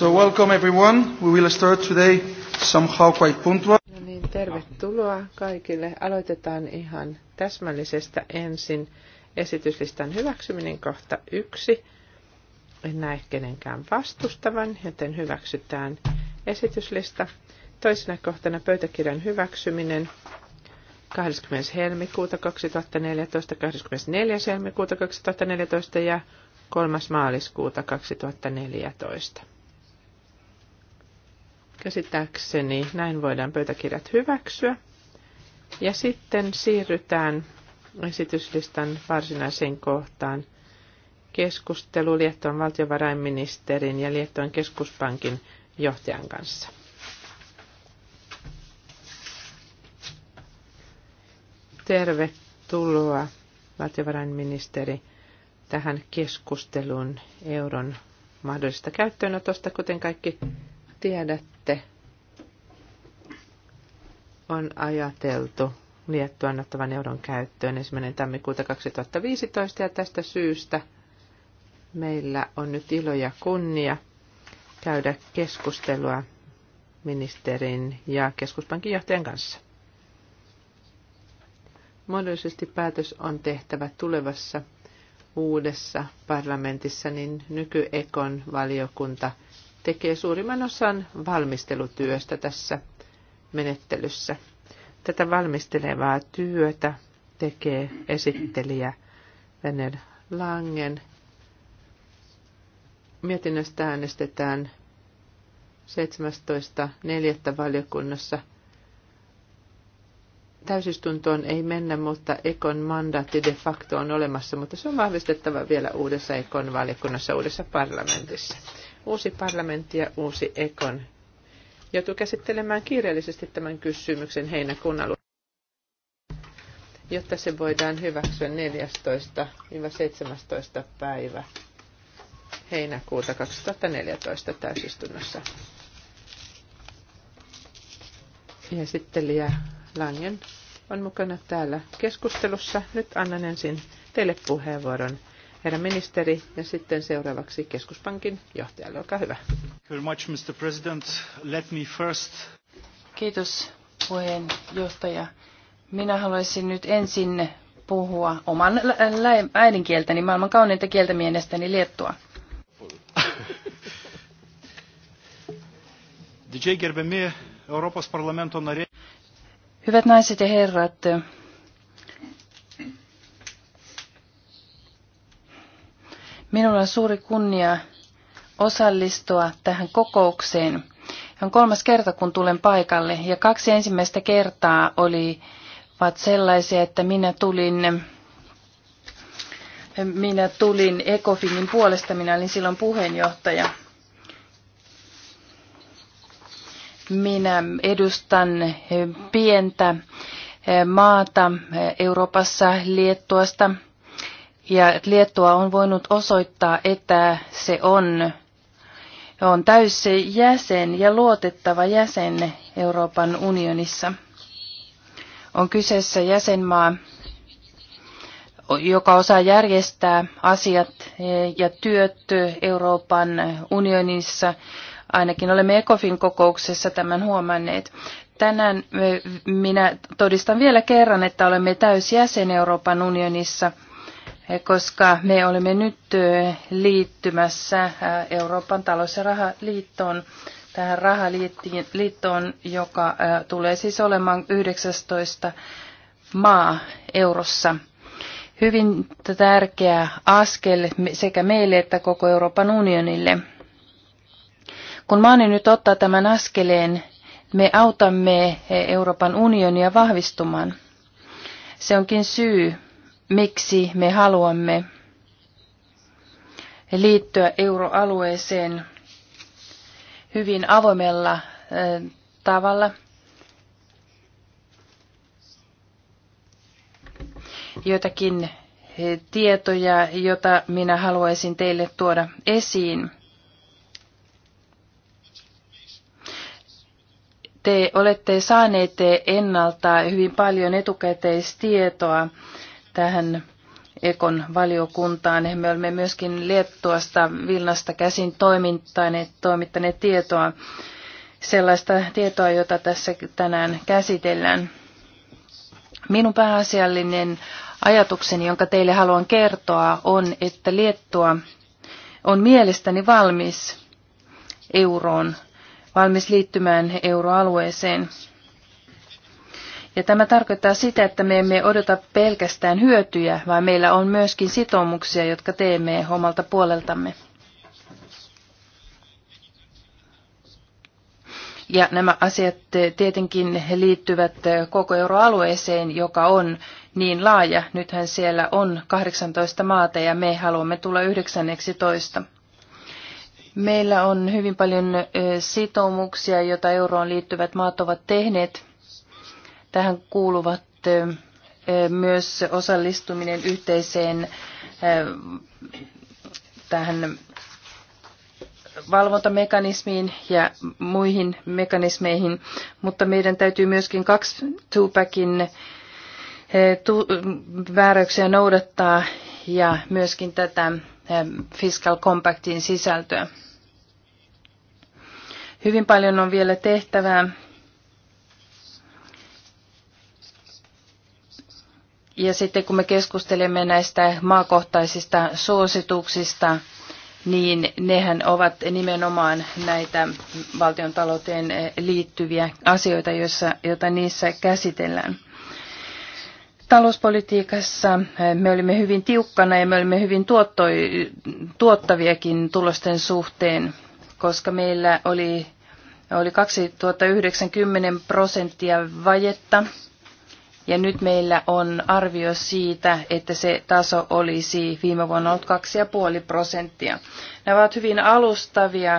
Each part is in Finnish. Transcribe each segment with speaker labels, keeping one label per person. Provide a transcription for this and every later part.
Speaker 1: So welcome everyone. We will start today somehow quite punctual. No niin,
Speaker 2: tervetuloa kaikille. Aloitetaan ihan täsmällisestä ensin esityslistan hyväksyminen kohta yksi. En näe kenenkään vastustavan, joten hyväksytään esityslista. Toisena kohtana pöytäkirjan hyväksyminen 20. helmikuuta 2014, 24. helmikuuta 2014 ja 3. maaliskuuta 2014. Käsittääkseni näin voidaan pöytäkirjat hyväksyä. Ja sitten siirrytään esityslistan varsinaiseen kohtaan. Keskustelu Liettuan valtiovarainministerin ja Liettuan keskuspankin johtajan kanssa. Tervetuloa valtiovarainministeri tähän keskusteluun euron mahdollisesta käyttöönotosta, kuten kaikki tiedätte, on ajateltu liettu annettavan euron käyttöön ensimmäinen tammikuuta 2015 ja tästä syystä meillä on nyt ilo ja kunnia käydä keskustelua ministerin ja keskuspankin johtajan kanssa. Muodollisesti päätös on tehtävä tulevassa uudessa parlamentissa, niin nykyekon valiokunta tekee suurimman osan valmistelutyöstä tässä menettelyssä. Tätä valmistelevaa työtä tekee esittelijä Venner Langen. Mietinnöstä äänestetään 17.4. valiokunnassa. Täysistuntoon ei mennä, mutta Ekon mandaatti de facto on olemassa, mutta se on vahvistettava vielä uudessa Ekon valiokunnassa, uudessa parlamentissa uusi parlamentti ja uusi ekon Joutui käsittelemään kiireellisesti tämän kysymyksen heinäkuun alussa, jotta se voidaan hyväksyä 14-17 päivä heinäkuuta 2014 täysistunnossa. Esittelijä Langen on mukana täällä keskustelussa. Nyt annan ensin teille puheenvuoron herra ministeri, ja sitten seuraavaksi
Speaker 3: keskuspankin johtajalle.
Speaker 1: Olkaa hyvä. Much, Mr. President. Let me first...
Speaker 3: Kiitos puheenjohtaja. Minä haluaisin nyt ensin puhua oman äidinkieltäni, maailman kauneinta kieltä mielestäni liettua. Hyvät naiset ja herrat, Minulla on suuri kunnia osallistua tähän kokoukseen. On kolmas kerta, kun tulen paikalle ja kaksi ensimmäistä kertaa vaat sellaisia, että minä tulin minä tulin Ecofinin puolesta, minä olin silloin puheenjohtaja. Minä edustan pientä maata Euroopassa Liettuasta ja Liettua on voinut osoittaa, että se on, on täysi jäsen ja luotettava jäsen Euroopan unionissa. On kyseessä jäsenmaa, joka osaa järjestää asiat ja työt Euroopan unionissa. Ainakin olemme ECOFIN kokouksessa tämän huomanneet. Tänään eh, minä todistan vielä kerran, että olemme täysjäsen Euroopan unionissa – koska me olemme nyt liittymässä Euroopan talous- ja rahaliittoon, tähän rahaliittoon, joka tulee siis olemaan 19 maa eurossa. Hyvin tärkeä askel sekä meille että koko Euroopan unionille. Kun maani nyt ottaa tämän askeleen, me autamme Euroopan unionia vahvistumaan. Se onkin syy, miksi me haluamme liittyä euroalueeseen hyvin avoimella tavalla. Jotakin tietoja, jota minä haluaisin teille tuoda esiin. Te olette saaneet ennalta hyvin paljon etukäteistietoa tähän Ekon valiokuntaan. Me olemme myöskin Liettuasta Vilnasta käsin toimittaneet, toimittaneet tietoa, sellaista tietoa, jota tässä tänään käsitellään. Minun pääasiallinen ajatukseni, jonka teille haluan kertoa, on, että Liettua on mielestäni valmis euroon, valmis liittymään euroalueeseen. Ja tämä tarkoittaa sitä, että me emme odota pelkästään hyötyjä, vaan meillä on myöskin sitoumuksia, jotka teemme omalta puoleltamme. Ja nämä asiat tietenkin liittyvät koko euroalueeseen, joka on niin laaja. Nythän siellä on 18 maata ja me haluamme tulla 19. Meillä on hyvin paljon sitoumuksia, joita euroon liittyvät maat ovat tehneet. Tähän kuuluvat myös osallistuminen yhteiseen tähän valvontamekanismiin ja muihin mekanismeihin, mutta meidän täytyy myöskin kaksi Tupakin vääräyksiä noudattaa ja myöskin tätä Fiscal Compactin sisältöä. Hyvin paljon on vielä tehtävää Ja sitten kun me keskustelemme näistä maakohtaisista suosituksista, niin nehän ovat nimenomaan näitä valtion talouteen eh, liittyviä asioita, joissa, joita niissä käsitellään. Talouspolitiikassa eh, me olimme hyvin tiukkana ja me olimme hyvin tuottoi, tuottaviakin tulosten suhteen, koska meillä oli, oli 2090 prosenttia vajetta ja nyt meillä on arvio siitä, että se taso olisi viime vuonna ollut 2,5 prosenttia. Nämä ovat hyvin alustavia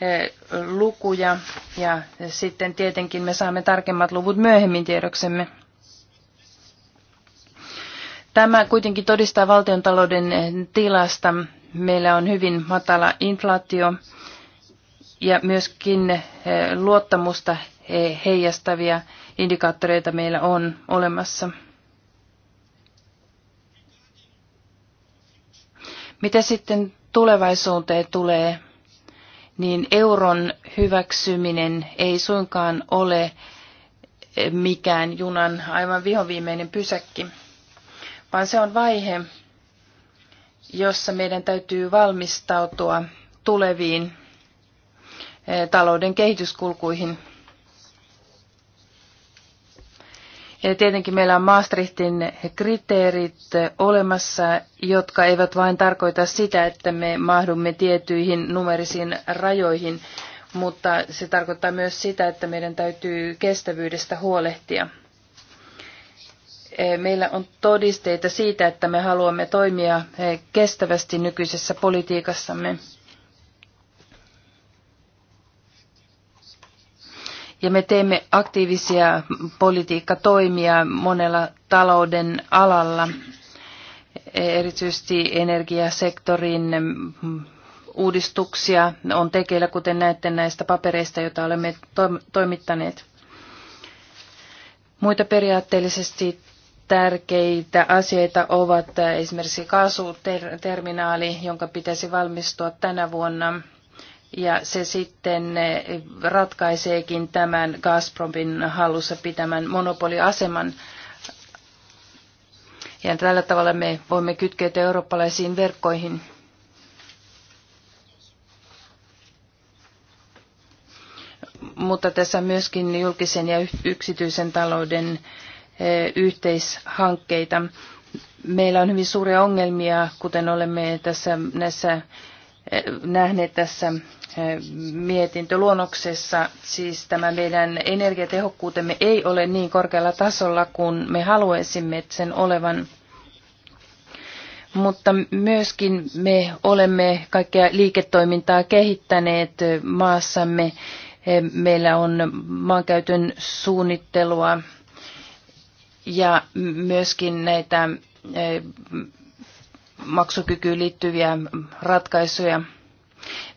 Speaker 3: eh, lukuja ja sitten tietenkin me saamme tarkemmat luvut myöhemmin tiedoksemme. Tämä kuitenkin todistaa valtiontalouden tilasta. Meillä on hyvin matala inflaatio ja myöskin eh, luottamusta eh, heijastavia indikaattoreita meillä on olemassa. Mitä sitten tulevaisuuteen tulee, niin euron hyväksyminen ei suinkaan ole mikään junan aivan vihoviimeinen pysäkki, vaan se on vaihe, jossa meidän täytyy valmistautua tuleviin eh, talouden kehityskulkuihin – Ja tietenkin meillä on Maastrichtin kriteerit olemassa, jotka eivät vain tarkoita sitä, että me mahdumme tiettyihin numerisiin rajoihin, mutta se tarkoittaa myös sitä, että meidän täytyy kestävyydestä huolehtia. Meillä on todisteita siitä, että me haluamme toimia kestävästi nykyisessä politiikassamme. ja me teemme aktiivisia politiikkatoimia monella talouden alalla, erityisesti energiasektorin uudistuksia on tekeillä, kuten näette näistä papereista, joita olemme toimittaneet. Muita periaatteellisesti tärkeitä asioita ovat esimerkiksi kaasuterminaali, jonka pitäisi valmistua tänä vuonna – ja se sitten eh, ratkaiseekin tämän Gazpromin hallussa pitämän monopoliaseman. Ja tällä tavalla me voimme kytkeytyä eurooppalaisiin verkkoihin. Mutta tässä on myöskin julkisen ja yksityisen talouden eh, yhteishankkeita. Meillä on hyvin suuria ongelmia, kuten olemme tässä näissä nähneet tässä eh, mietintöluonnoksessa. Siis tämä meidän energiatehokkuutemme ei ole niin korkealla tasolla kuin me haluaisimme sen olevan. Mutta myöskin me olemme kaikkea liiketoimintaa kehittäneet eh, maassamme. Eh, meillä on maankäytön suunnittelua ja myöskin näitä maksukykyyn liittyviä ratkaisuja.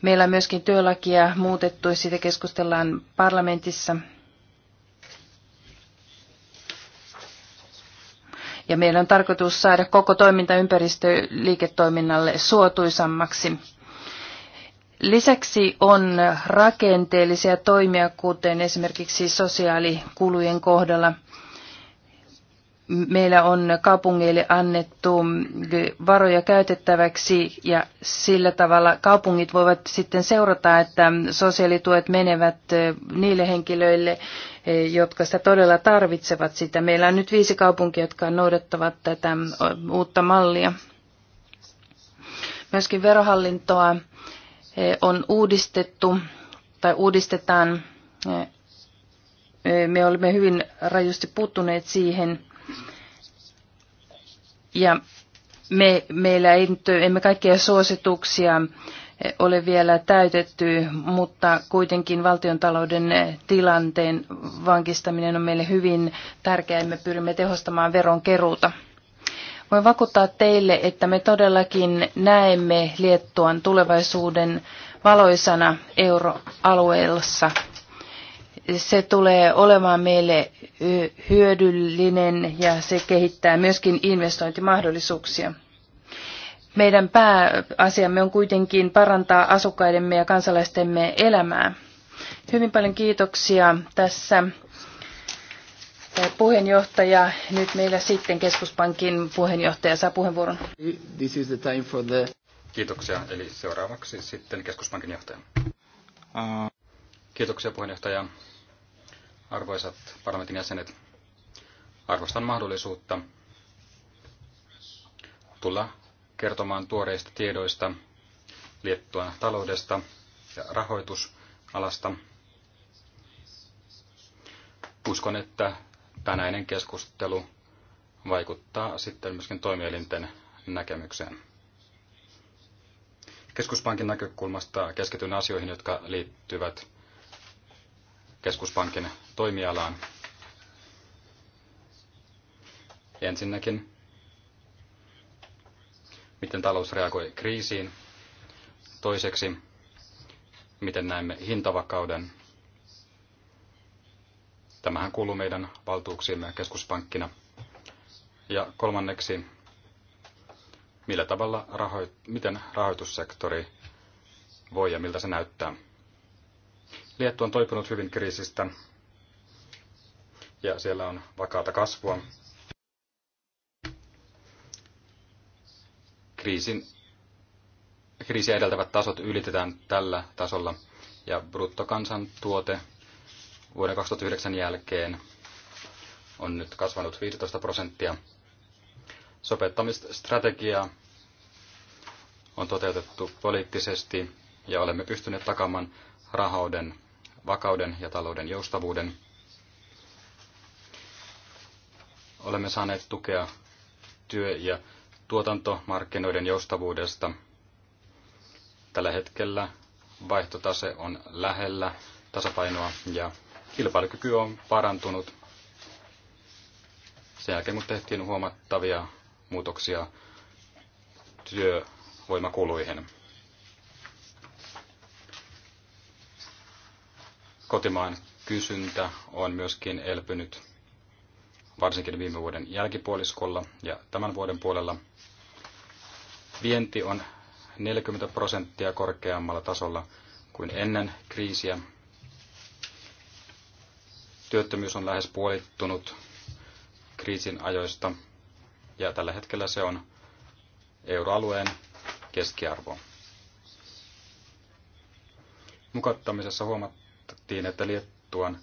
Speaker 3: Meillä on myöskin työlakia muutettu ja siitä keskustellaan parlamentissa. Ja meillä on tarkoitus saada koko toimintaympäristö liiketoiminnalle suotuisammaksi. Lisäksi on rakenteellisia toimia, kuten esimerkiksi sosiaalikulujen kohdalla – meillä on kaupungeille annettu varoja käytettäväksi ja sillä tavalla kaupungit voivat sitten seurata, että sosiaalituet menevät eh, niille henkilöille, eh, jotka sitä todella tarvitsevat sitä. Meillä on nyt viisi kaupunkia, jotka noudattavat tätä eh, uutta mallia. Myöskin verohallintoa on uudistettu tai uudistetaan. Me olemme hyvin rajusti puuttuneet siihen ja me, meillä ei, emme kaikkia suosituksia eh, ole vielä täytetty, mutta kuitenkin valtiontalouden eh, tilanteen vankistaminen on meille hyvin tärkeää. Me pyrimme tehostamaan veronkeruuta. Voin vakuuttaa teille, että me todellakin näemme Liettuan tulevaisuuden valoisana euroalueella se tulee olemaan meille hyödyllinen ja se kehittää myöskin investointimahdollisuuksia. Meidän pääasiamme on kuitenkin parantaa asukkaidemme ja kansalaistemme elämää. Hyvin paljon kiitoksia tässä puheenjohtaja. Nyt meillä sitten keskuspankin puheenjohtaja saa puheenvuoron.
Speaker 1: This is the time for the... Kiitoksia. Eli seuraavaksi sitten keskuspankin johtaja. Uh. Kiitoksia puheenjohtaja arvoisat parlamentin jäsenet, arvostan mahdollisuutta tulla kertomaan tuoreista tiedoista Liettuan taloudesta ja rahoitusalasta. Uskon, että tänäinen keskustelu vaikuttaa sitten myöskin toimielinten näkemykseen. Keskuspankin näkökulmasta keskityn asioihin, jotka liittyvät keskuspankin toimialaan. Ensinnäkin, miten talous reagoi kriisiin. Toiseksi, miten näemme hintavakauden. Tämähän kuuluu meidän valtuuksiimme keskuspankkina. Ja kolmanneksi, millä tavalla rahoit- miten rahoitussektori voi ja miltä se näyttää. Liettu on toipunut hyvin kriisistä ja siellä on vakaata kasvua. Kriisin, kriisiä edeltävät tasot ylitetään tällä tasolla ja bruttokansantuote vuoden 2009 jälkeen on nyt kasvanut 15 prosenttia. Sopettamistrategia on toteutettu poliittisesti ja olemme pystyneet takaamaan rahauden vakauden ja talouden joustavuuden. Olemme saaneet tukea työ- ja tuotantomarkkinoiden joustavuudesta. Tällä hetkellä vaihtotase on lähellä tasapainoa ja kilpailukyky on parantunut. Sen jälkeen kun tehtiin huomattavia muutoksia työvoimakuluihin. kotimaan kysyntä on myöskin elpynyt varsinkin viime vuoden jälkipuoliskolla ja tämän vuoden puolella. Vienti on 40 prosenttia korkeammalla tasolla kuin ennen kriisiä. Työttömyys on lähes puolittunut kriisin ajoista ja tällä hetkellä se on euroalueen keskiarvo. Mukattamisessa huomattu osoitettiin, että Liettuan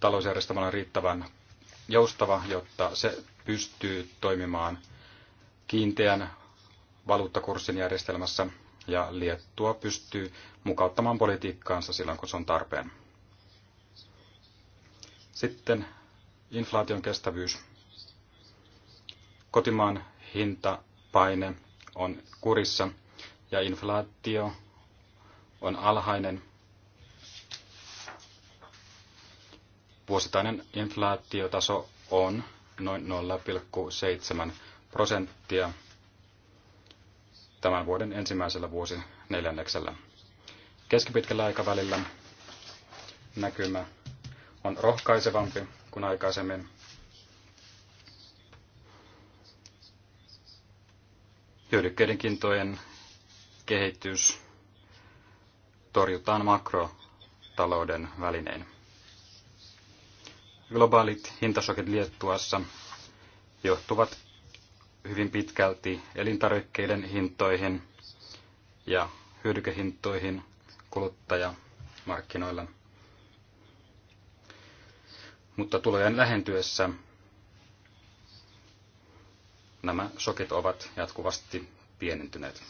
Speaker 1: talousjärjestelmä on riittävän joustava, jotta se pystyy toimimaan kiinteän valuuttakurssin järjestelmässä ja Liettua pystyy mukauttamaan politiikkaansa silloin, kun se on tarpeen. Sitten inflaation kestävyys. Kotimaan hintapaine on kurissa ja inflaatio on alhainen vuosittainen inflaatiotaso on noin 0,7 prosenttia tämän vuoden ensimmäisellä neljänneksellä. Keskipitkällä aikavälillä näkymä on rohkaisevampi kuin aikaisemmin. Hyödykkeiden kintojen kehitys torjutaan makrotalouden välinein globaalit hintasokit Liettuassa johtuvat hyvin pitkälti elintarvikkeiden hintoihin ja hyödykehintoihin kuluttajamarkkinoilla. Mutta tulojen lähentyessä nämä sokit ovat jatkuvasti pienentyneet.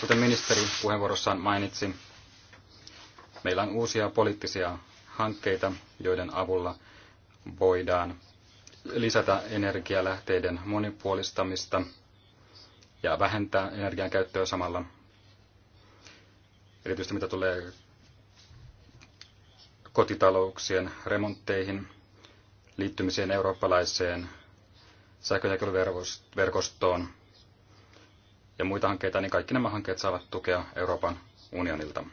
Speaker 1: Kuten ministeri puheenvuorossaan mainitsi, meillä on uusia poliittisia hankkeita, joiden avulla voidaan lisätä energialähteiden monipuolistamista ja vähentää energian käyttöä samalla. Erityisesti mitä tulee kotitalouksien remontteihin, liittymiseen eurooppalaiseen sähköjakeluverkostoon ja muita hankkeita, niin kaikki nämä hankkeet saavat tukea Euroopan unionilta.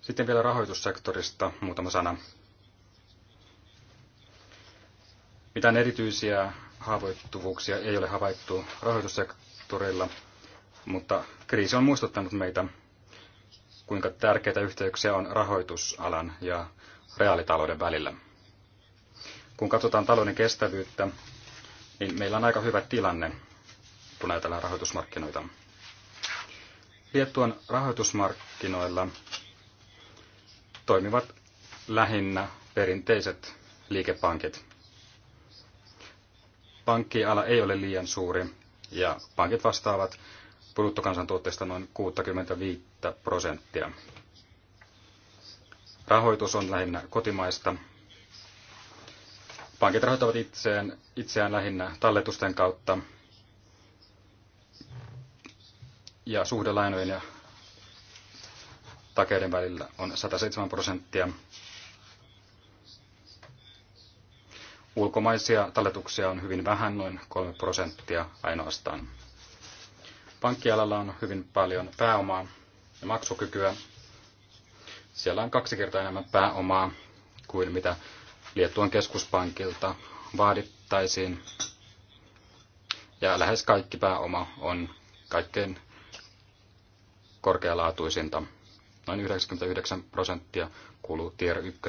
Speaker 1: Sitten vielä rahoitussektorista muutama sana. Mitään erityisiä haavoittuvuuksia ei ole havaittu rahoitussektorilla, mutta kriisi on muistuttanut meitä, kuinka tärkeitä yhteyksiä on rahoitusalan ja reaalitalouden välillä. Kun katsotaan talouden kestävyyttä, niin meillä on aika hyvä tilanne, kun ajatellaan rahoitusmarkkinoita. Liettuan rahoitusmarkkinoilla toimivat lähinnä perinteiset liikepankit. Pankkiala ei ole liian suuri ja pankit vastaavat bruttokansantuotteesta noin 65 prosenttia. Rahoitus on lähinnä kotimaista. Pankit rahoittavat itseään, itseään lähinnä talletusten kautta ja suhdelainojen ja takeiden välillä on 107 prosenttia. Ulkomaisia talletuksia on hyvin vähän, noin 3 prosenttia ainoastaan. Pankkialalla on hyvin paljon pääomaa ja maksukykyä. Siellä on kaksi kertaa enemmän pääomaa kuin mitä Liettuan keskuspankilta vaadittaisiin. Ja lähes kaikki pääoma on kaikkein korkealaatuisinta noin 99 prosenttia kuuluu tier 1.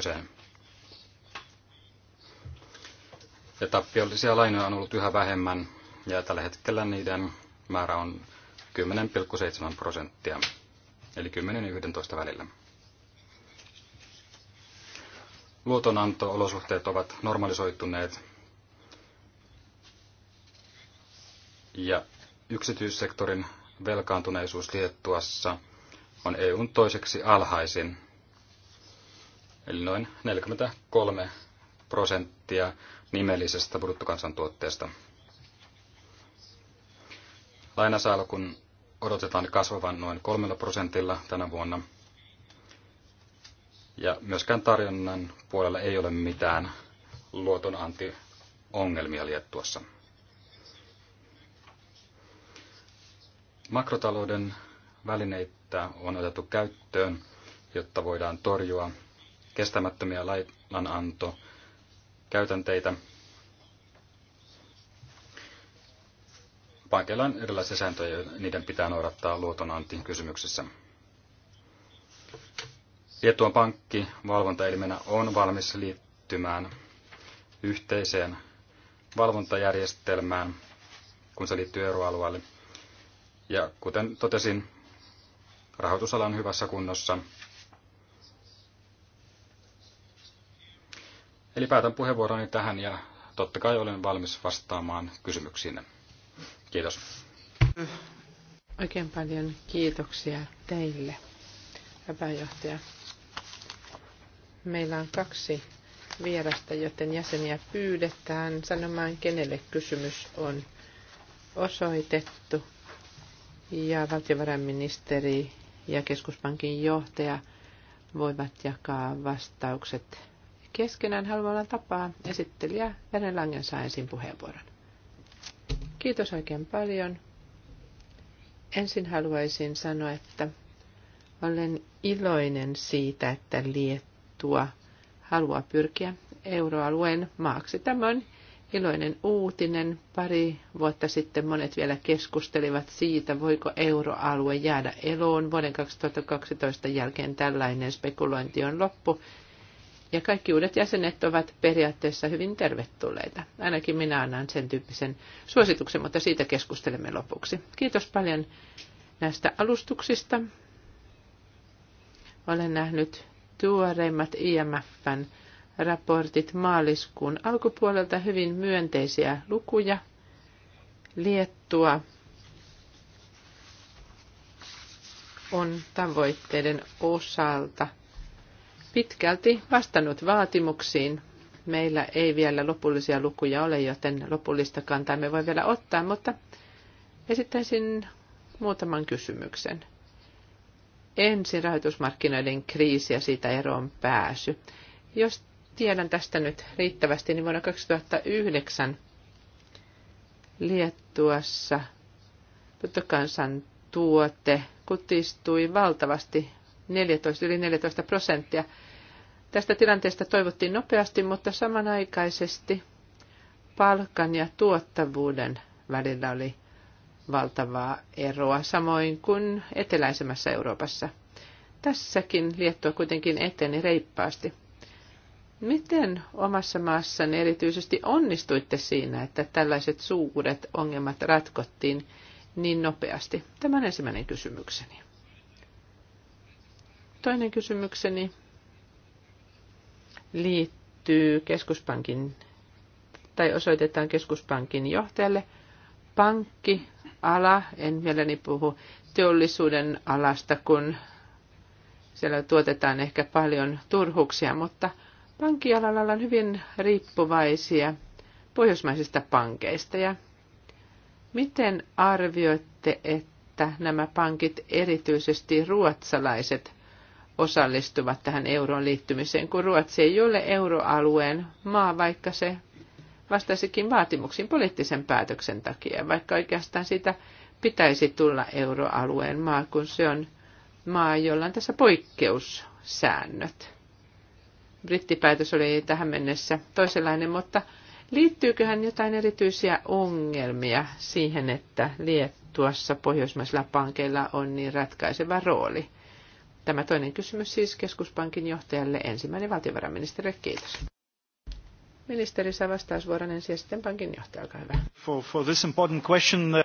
Speaker 1: Ja tappiollisia lainoja on ollut yhä vähemmän ja tällä hetkellä niiden määrä on 10,7 prosenttia, eli 10 ja 11 välillä. Luotonanto-olosuhteet ovat normalisoituneet ja yksityissektorin velkaantuneisuus Liettuassa – on EUn toiseksi alhaisin, eli noin 43 prosenttia nimellisestä bruttokansantuotteesta. Lainasalkun odotetaan kasvavan noin kolmella prosentilla tänä vuonna. Ja myöskään tarjonnan puolella ei ole mitään luotonantiongelmia Liettuassa. Makrotalouden välineitä että on otettu käyttöön, jotta voidaan torjua kestämättömiä lainananto käytänteitä. Pankeilla on erilaisia sääntöjä, joita niiden pitää noudattaa luotonantin kysymyksissä. Liettuan pankki valvontaelimenä on valmis liittymään yhteiseen valvontajärjestelmään, kun se liittyy euroalueelle. Ja kuten totesin, rahoitusalan hyvässä kunnossa. Eli päätän puheenvuoroni tähän ja totta kai olen valmis vastaamaan kysymyksiin. Kiitos.
Speaker 2: Oikein paljon kiitoksia teille, pääjohtaja. Meillä on kaksi vierasta, joten jäseniä pyydetään sanomaan, kenelle kysymys on osoitettu. Ja valtiovarainministeri ja keskuspankin johtaja voivat jakaa vastaukset keskenään haluamallaan tapaa. Esittelijä Vene Langen saa ensin puheenvuoron. Kiitos oikein paljon. Ensin haluaisin sanoa, että olen iloinen siitä, että Liettua haluaa pyrkiä euroalueen maaksi. Tämä on iloinen uutinen. Pari vuotta sitten monet vielä keskustelivat siitä, voiko euroalue jäädä eloon. Vuoden 2012 jälkeen tällainen spekulointi on loppu. Ja kaikki uudet jäsenet ovat periaatteessa hyvin tervetulleita. Ainakin minä annan sen tyyppisen suosituksen, mutta siitä keskustelemme lopuksi. Kiitos paljon näistä alustuksista. Olen nähnyt tuoreimmat IMFn raportit maaliskuun alkupuolelta hyvin myönteisiä lukuja. Liettua on tavoitteiden osalta pitkälti vastannut vaatimuksiin. Meillä ei vielä lopullisia lukuja ole, joten lopullista kantaa me voi vielä ottaa, mutta esittäisin muutaman kysymyksen. Ensin rahoitusmarkkinoiden kriisi ja siitä eroon pääsy. Jos tiedän tästä nyt riittävästi, niin vuonna 2009 Liettuassa bruttokansan tuote kutistui valtavasti 14, yli 14 prosenttia. Tästä tilanteesta toivottiin nopeasti, mutta samanaikaisesti palkan ja tuottavuuden välillä oli valtavaa eroa, samoin kuin eteläisemmässä Euroopassa. Tässäkin Liettua kuitenkin eteni reippaasti. Miten omassa maassanne erityisesti onnistuitte siinä, että tällaiset suuret ongelmat ratkottiin niin nopeasti? Tämä on ensimmäinen kysymykseni. Toinen kysymykseni liittyy keskuspankin tai osoitetaan keskuspankin johtajalle. Pankki, ala, en mielelläni puhu teollisuuden alasta, kun siellä tuotetaan ehkä paljon turhuksia, mutta – Pankkialalla ollaan hyvin riippuvaisia pohjoismaisista pankeista ja miten arvioitte, että nämä pankit, erityisesti ruotsalaiset, osallistuvat tähän euroon liittymiseen, kun Ruotsi ei ole euroalueen maa, vaikka se vastasikin vaatimuksiin poliittisen päätöksen takia, vaikka oikeastaan sitä pitäisi tulla euroalueen maa, kun se on maa, jolla on tässä poikkeussäännöt brittipäätös oli tähän mennessä toisenlainen, mutta liittyyköhän jotain erityisiä ongelmia siihen, että Liettuassa pohjoismaisilla pankeilla on niin ratkaiseva rooli? Tämä toinen kysymys siis keskuspankin johtajalle, ensimmäinen valtiovarainministeri, kiitos. Ministeri saa vastausvuoron ensin ja sitten pankin johtaja,
Speaker 3: olkaa hyvä. For, for this important question. Uh,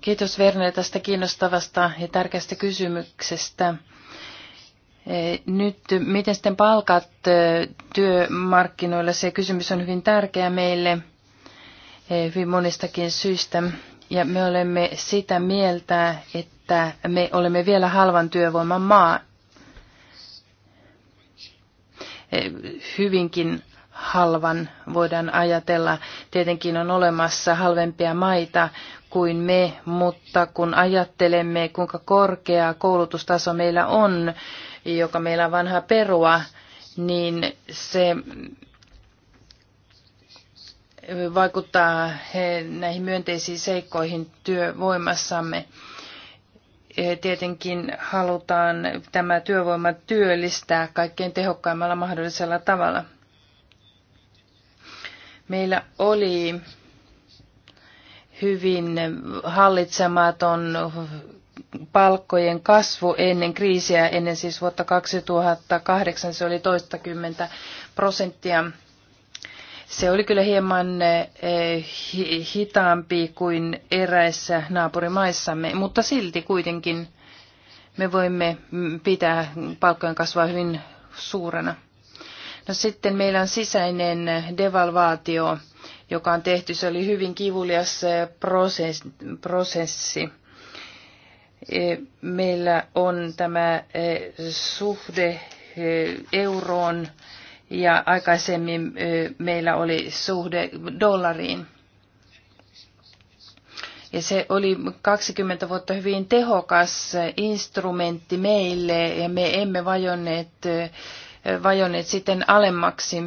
Speaker 3: kiitos Verne tästä kiinnostavasta ja tärkeästä kysymyksestä. Nyt miten sitten palkat työmarkkinoilla, se kysymys on hyvin tärkeä meille hyvin monistakin syistä. Ja me olemme sitä mieltä, että me olemme vielä halvan työvoiman maa. Hyvinkin halvan voidaan ajatella. Tietenkin on olemassa halvempia maita kuin me, mutta kun ajattelemme, kuinka korkea koulutustaso meillä on, joka meillä on vanha perua, niin se vaikuttaa näihin myönteisiin seikkoihin työvoimassamme. E, tietenkin halutaan tämä työvoima työllistää kaikkein tehokkaimmalla mahdollisella tavalla. Meillä oli hyvin hallitsematon palkkojen kasvu ennen kriisiä, ennen siis vuotta 2008, se oli toistakymmentä prosenttia. Se oli kyllä hieman eh, hitaampi kuin eräissä naapurimaissamme, mutta silti kuitenkin me voimme mm, pitää palkkojen kasvua hyvin suurena. No sitten meillä on sisäinen devalvaatio, joka on tehty. Se oli hyvin kivulias eh, prosessi E, meillä on tämä e, suhde e, euroon ja aikaisemmin meillä oli suhde dollariin. Ja se oli 20 vuotta hyvin tehokas instrumentti meille ja me emme vajonneet, vajonneet sitten alemmaksi.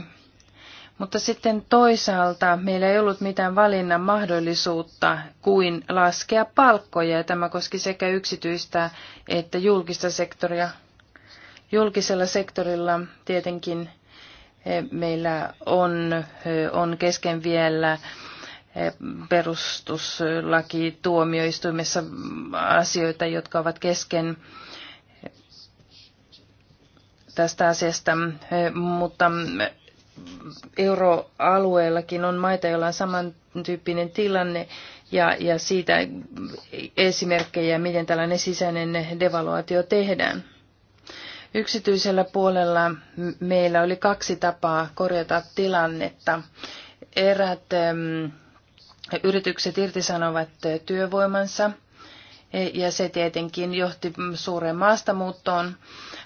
Speaker 3: Mutta sitten toisaalta meillä ei ollut mitään valinnan mahdollisuutta kuin laskea palkkoja, ja tämä koski sekä yksityistä että julkista sektoria. Julkisella sektorilla tietenkin eh, meillä on, eh, on kesken vielä eh, perustuslaki tuomioistuimessa asioita, jotka ovat kesken tästä asiasta, mutta euroalueellakin on maita, joilla on samantyyppinen tilanne ja, ja siitä esimerkkejä, miten tällainen sisäinen devaluaatio tehdään. Yksityisellä puolella meillä oli kaksi tapaa korjata tilannetta. Erät yritykset irtisanovat työvoimansa e, ja se tietenkin johti suureen maastamuuttoon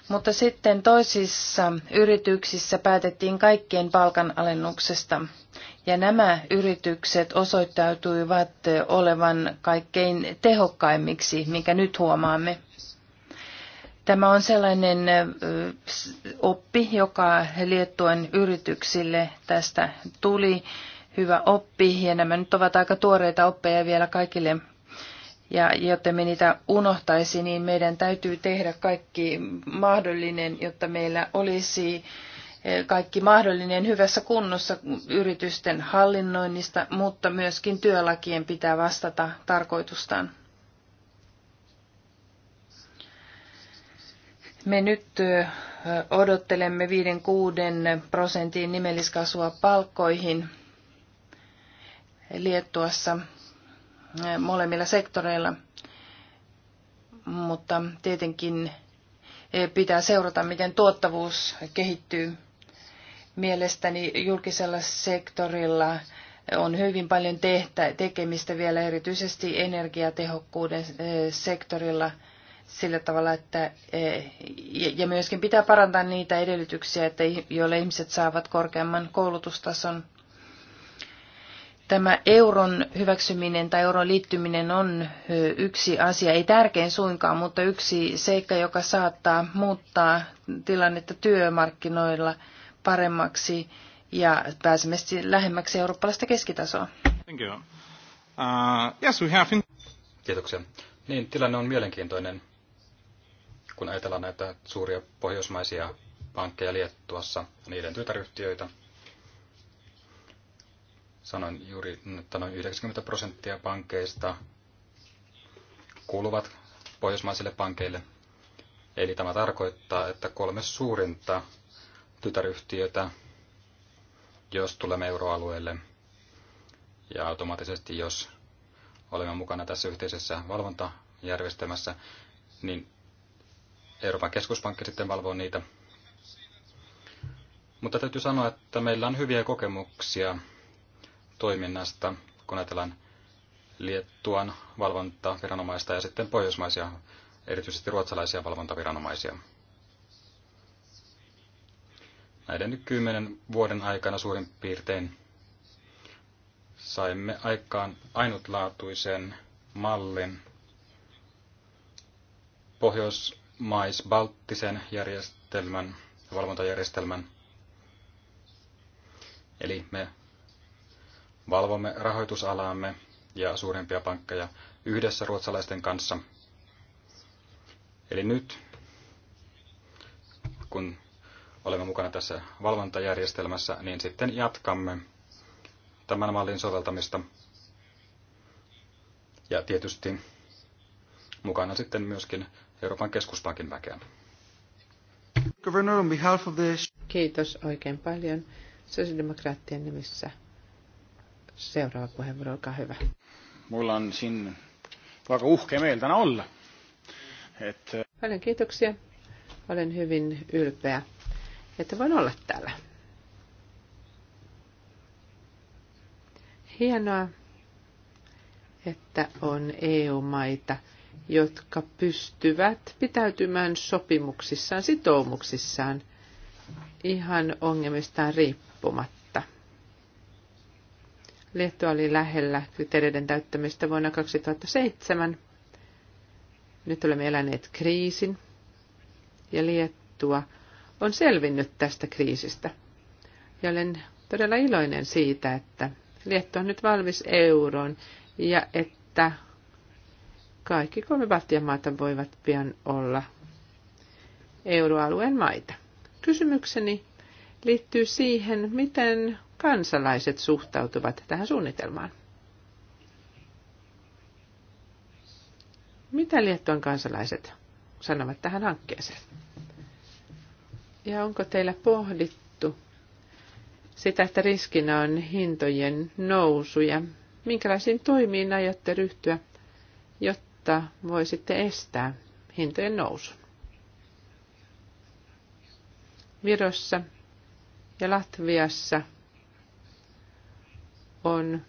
Speaker 3: mutta sitten toisissa yrityksissä päätettiin kaikkien palkanalennuksesta. Ja nämä yritykset osoittautuivat olevan kaikkein tehokkaimmiksi, minkä nyt huomaamme. Tämä on sellainen oppi, joka Liettuen yrityksille tästä tuli. Hyvä oppi, ja nämä nyt ovat aika tuoreita oppeja vielä kaikille ja jotta me niitä unohtaisi, niin meidän täytyy tehdä kaikki mahdollinen, jotta meillä olisi eh, kaikki mahdollinen hyvässä kunnossa yritysten hallinnoinnista, mutta myöskin työlakien pitää vastata tarkoitustaan. Me nyt eh, odottelemme 5-6 prosentin nimelliskasvua palkkoihin Liettuassa Eh, molemmilla sektoreilla. Mutta tietenkin eh, pitää seurata, miten tuottavuus kehittyy. Mielestäni julkisella sektorilla on hyvin paljon tehtä, tekemistä vielä erityisesti energiatehokkuuden eh, sektorilla sillä tavalla, että ja myöskin pitää parantaa niitä edellytyksiä, että joilla ihmiset saavat korkeamman koulutustason tämä euron hyväksyminen tai euron liittyminen on yksi asia, ei tärkein suinkaan, mutta yksi seikka, joka saattaa muuttaa tilannetta työmarkkinoilla paremmaksi ja pääsemme lähemmäksi eurooppalaista keskitasoa.
Speaker 1: Thank you. Uh, yes, we have... Kiitoksia. Niin, tilanne on mielenkiintoinen, kun ajatellaan näitä suuria pohjoismaisia pankkeja Liettuassa, niiden tytäryhtiöitä – Sanoin juuri, että noin 90 prosenttia pankeista kuuluvat pohjoismaisille pankeille. Eli tämä tarkoittaa, että kolme suurinta tytäryhtiötä, jos tulemme euroalueelle, ja automaattisesti jos olemme mukana tässä yhteisessä valvontajärjestelmässä, niin Euroopan keskuspankki sitten valvoo niitä. Mutta täytyy sanoa, että meillä on hyviä kokemuksia toiminnasta, kun ajatellaan Liettuan valvontaviranomaista ja sitten pohjoismaisia, erityisesti ruotsalaisia valvontaviranomaisia. Näiden kymmenen vuoden aikana suurin piirtein saimme aikaan ainutlaatuisen mallin pohjoismais-balttisen järjestelmän, valvontajärjestelmän. Eli me Valvomme rahoitusalaamme ja suurempia pankkeja yhdessä ruotsalaisten kanssa. Eli nyt, kun olemme mukana tässä valvontajärjestelmässä, niin sitten jatkamme tämän mallin soveltamista. Ja tietysti mukana sitten myöskin Euroopan keskuspankin väkeä.
Speaker 2: Kiitos oikein paljon sosiaalidemokraattien nimissä Seuraava puheenvuoro, olkaa hyvä.
Speaker 1: Mulla on siinä aika uhkea meillä tänä olla. Et...
Speaker 2: Paljon kiitoksia. Olen hyvin ylpeä, että voin olla täällä. Hienoa, että on EU-maita, jotka pystyvät pitäytymään sopimuksissaan, sitoumuksissaan ihan ongelmistaan riippumatta Liettua oli lähellä kriteereiden täyttämistä vuonna 2007. Nyt olemme eläneet kriisin ja Liettua on selvinnyt tästä kriisistä. Ja olen todella iloinen siitä, että Liettua on nyt valmis euroon ja että kaikki kolme Baltian maata voivat pian olla euroalueen maita. Kysymykseni liittyy siihen, miten kansalaiset suhtautuvat tähän suunnitelmaan? Mitä Liettuan kansalaiset sanovat tähän hankkeeseen? Ja onko teillä pohdittu sitä, että riskinä on hintojen nousu ja minkälaisiin toimiin aiotte ryhtyä, jotta voisitte estää hintojen nousun? Virossa ja Latviassa – on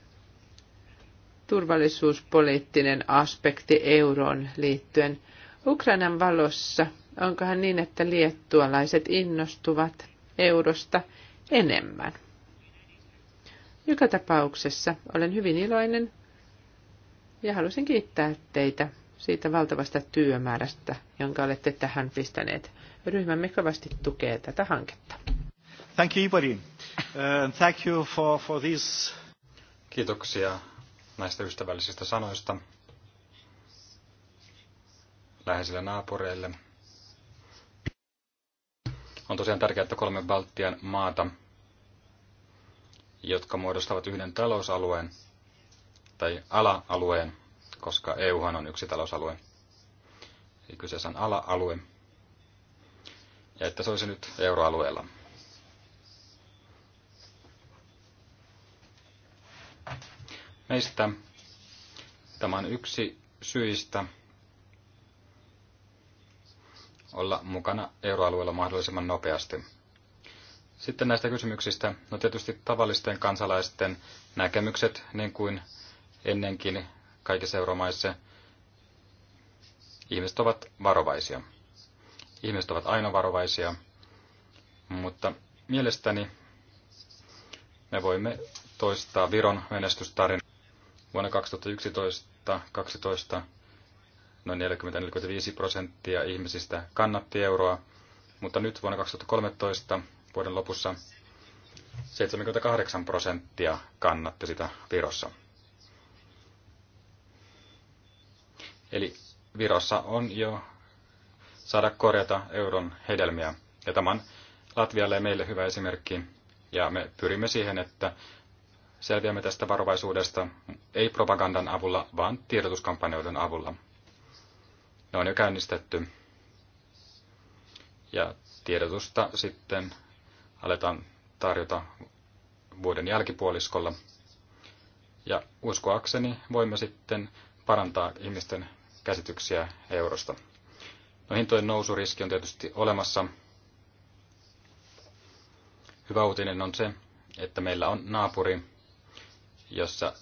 Speaker 2: turvallisuuspoliittinen aspekti euroon liittyen. Ukrainan valossa onkohan niin, että liettualaiset innostuvat eurosta enemmän? Joka tapauksessa olen hyvin iloinen ja halusin kiittää teitä siitä valtavasta työmäärästä, jonka olette tähän pistäneet. Ryhmämme kovasti tukee tätä hanketta.
Speaker 1: Thank you, everybody. Uh, thank you for, for this Kiitoksia näistä ystävällisistä sanoista läheisille naapureille. On tosiaan tärkeää, että kolme Baltian maata, jotka muodostavat yhden talousalueen tai ala-alueen, koska EU on yksi talousalue, eli kyseessä on ala-alue, ja että se olisi nyt euroalueella. meistä. Tämä on yksi syistä olla mukana euroalueella mahdollisimman nopeasti. Sitten näistä kysymyksistä, no tietysti tavallisten kansalaisten näkemykset, niin kuin ennenkin kaikissa euromaissa, ihmiset ovat varovaisia. Ihmiset ovat aina varovaisia, mutta mielestäni me voimme toistaa Viron menestystarina. Vuonna 2011 2012 noin 40-45 prosenttia ihmisistä kannatti euroa, mutta nyt vuonna 2013 vuoden lopussa 78 prosenttia kannatti sitä Virossa. Eli Virossa on jo saada korjata euron hedelmiä. Ja tämä on Latvialle ja meille hyvä esimerkki. Ja me pyrimme siihen, että Selviämme tästä varovaisuudesta ei propagandan avulla, vaan tiedotuskampanjoiden avulla. Ne on jo käynnistetty. Ja tiedotusta sitten aletaan tarjota vuoden jälkipuoliskolla. Ja uskoakseni voimme sitten parantaa ihmisten käsityksiä eurosta. No hintojen nousuriski on tietysti olemassa. Hyvä uutinen on se, että meillä on naapuri, jossa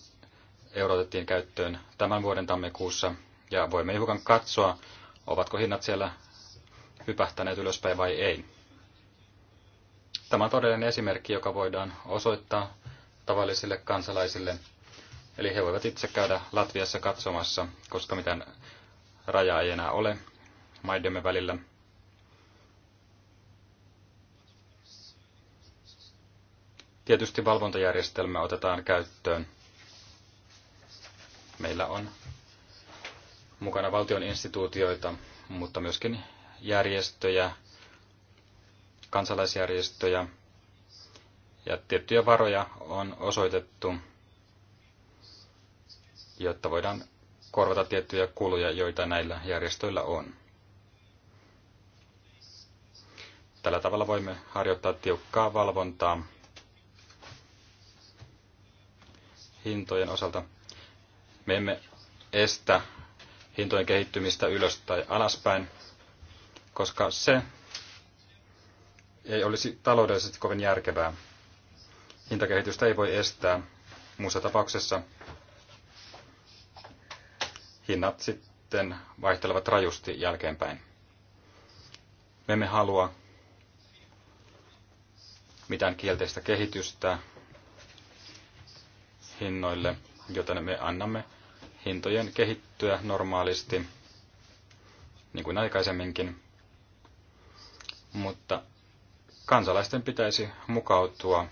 Speaker 1: euro otettiin käyttöön tämän vuoden tammikuussa. Ja voimme hiukan katsoa, ovatko hinnat siellä hypähtäneet ylöspäin vai ei. Tämä on todellinen esimerkki, joka voidaan osoittaa tavallisille kansalaisille. Eli he voivat itse käydä Latviassa katsomassa, koska mitään rajaa ei enää ole maidemme välillä. Tietysti valvontajärjestelmä otetaan käyttöön. Meillä on mukana valtion instituutioita, mutta myöskin järjestöjä, kansalaisjärjestöjä ja tiettyjä varoja on osoitettu, jotta voidaan korvata tiettyjä kuluja, joita näillä järjestöillä on. Tällä tavalla voimme harjoittaa tiukkaa valvontaa hintojen osalta. Me emme estä hintojen kehittymistä ylös tai alaspäin, koska se ei olisi taloudellisesti kovin järkevää. Hintakehitystä ei voi estää. Muussa tapauksessa hinnat sitten vaihtelevat rajusti jälkeenpäin. Me emme halua mitään kielteistä kehitystä hinnoille, joten me annamme hintojen kehittyä normaalisti, niin kuin aikaisemminkin. Mutta kansalaisten pitäisi mukautua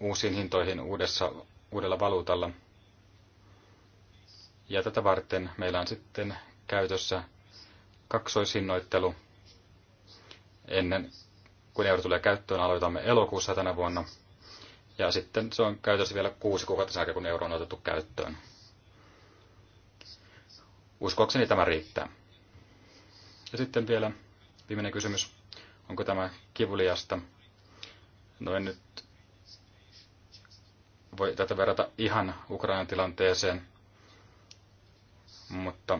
Speaker 1: uusiin hintoihin uudessa, uudella valuutalla. Ja tätä varten meillä on sitten käytössä kaksoishinnoittelu. Ennen kuin euro tulee käyttöön, aloitamme elokuussa tänä vuonna – ja sitten se on käytössä vielä kuusi kuukautta sen kun euro on otettu käyttöön. Uskoakseni tämä riittää. Ja sitten vielä viimeinen kysymys. Onko tämä kivuliasta? No en nyt voi tätä verrata ihan Ukrainan tilanteeseen, mutta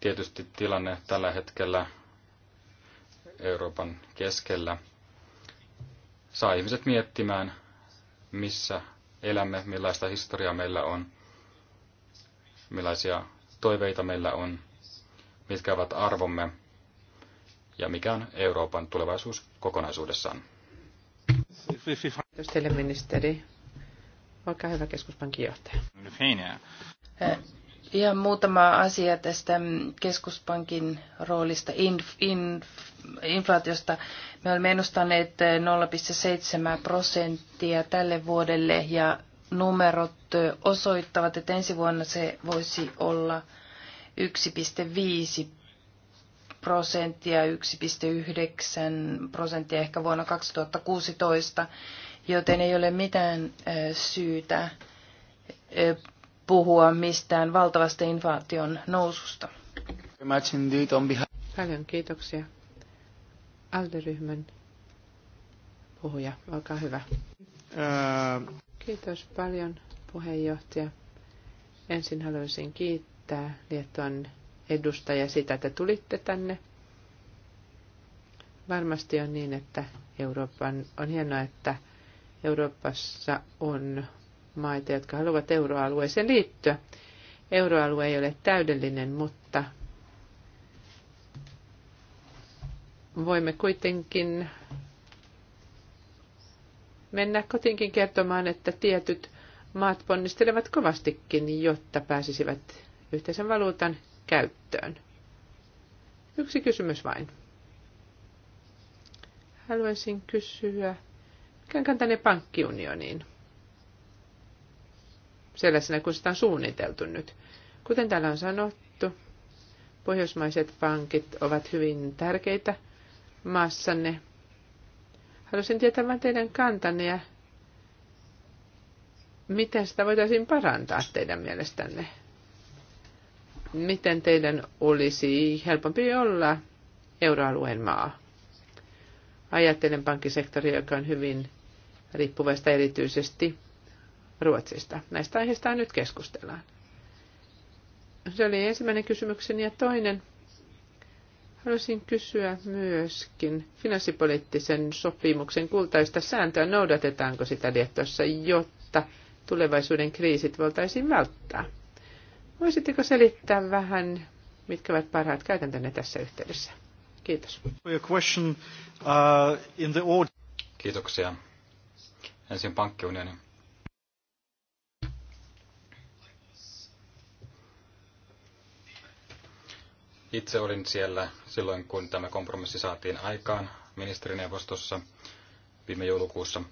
Speaker 1: tietysti tilanne tällä hetkellä Euroopan keskellä – saa ihmiset miettimään, missä elämme, millaista historiaa meillä on, millaisia toiveita meillä on, mitkä ovat arvomme ja mikä on Euroopan tulevaisuus kokonaisuudessaan.
Speaker 2: Kiitos teille ministeri.
Speaker 3: Olkaa hyvä keskuspankin johtaja. Ihan muutama asia tästä keskuspankin roolista inf, inf, inflaatiosta. Me olemme ennustaneet 0,7 prosenttia tälle vuodelle ja numerot osoittavat, että ensi vuonna se voisi olla 1,5 prosenttia, 1,9 prosenttia ehkä vuonna 2016, joten ei ole mitään syytä puhua mistään valtavasta inflaation noususta. Paljon kiitoksia.
Speaker 2: Alderyhmän puhuja, olkaa hyvä. Kiitos paljon puheenjohtaja. Ensin haluaisin kiittää Liettuan edustajia sitä, että tulitte tänne. Varmasti on niin, että Euroopan on hienoa, että Euroopassa on maita, jotka haluavat euroalueeseen liittyä. Euroalue ei ole täydellinen, mutta voimme kuitenkin mennä kotiinkin kertomaan, että tietyt maat ponnistelevat kovastikin, jotta pääsisivät yhteisen valuutan käyttöön. Yksi kysymys vain. Haluaisin kysyä, mikä on kantanne pankkiunioniin? sellaisena kuin sitä on suunniteltu nyt. Kuten täällä on sanottu, pohjoismaiset pankit ovat hyvin tärkeitä maassanne. Haluaisin tietää vain teidän kantanne ja miten sitä voitaisiin parantaa teidän mielestänne. Miten teidän olisi helpompi olla euroalueen maa? Ajattelen pankkisektoria, joka on hyvin riippuvaista erityisesti Ruotsista. Näistä aiheista nyt keskustellaan. Se oli ensimmäinen kysymykseni ja toinen. Haluaisin kysyä myöskin finanssipoliittisen sopimuksen kultaista sääntöä, noudatetaanko sitä Liettuassa, jotta tulevaisuuden kriisit voitaisiin välttää. Voisitteko selittää vähän, mitkä ovat parhaat käytäntöne tässä yhteydessä? Kiitos.
Speaker 1: Uh, Kiitoksia. Ensin pankkiunioni. Itse olin siellä silloin, kun tämä kompromissi saatiin aikaan ministerineuvostossa viime joulukuussa.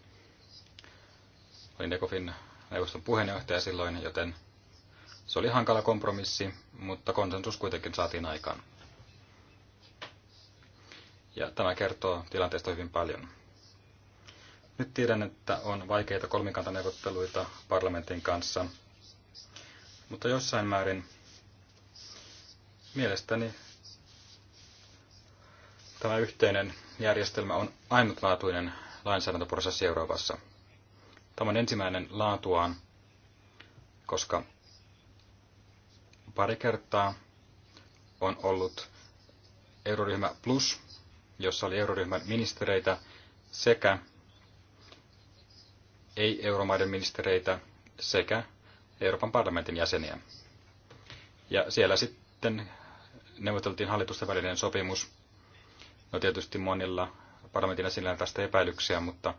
Speaker 1: Olin Ekofin neuvoston puheenjohtaja silloin, joten se oli hankala kompromissi, mutta konsensus kuitenkin saatiin aikaan. Ja tämä kertoo tilanteesta hyvin paljon. Nyt tiedän, että on vaikeita kolmikantaneuvotteluita parlamentin kanssa, mutta jossain määrin Mielestäni tämä yhteinen järjestelmä on ainutlaatuinen lainsäädäntöprosessi Euroopassa. Tämä on ensimmäinen laatuaan, koska pari kertaa on ollut euroryhmä plus, jossa oli euroryhmän ministereitä sekä ei-euromaiden ministereitä sekä Euroopan parlamentin jäseniä. Ja siellä sitten neuvoteltiin hallitusten välinen sopimus. No tietysti monilla parlamentin esillä tästä epäilyksiä, mutta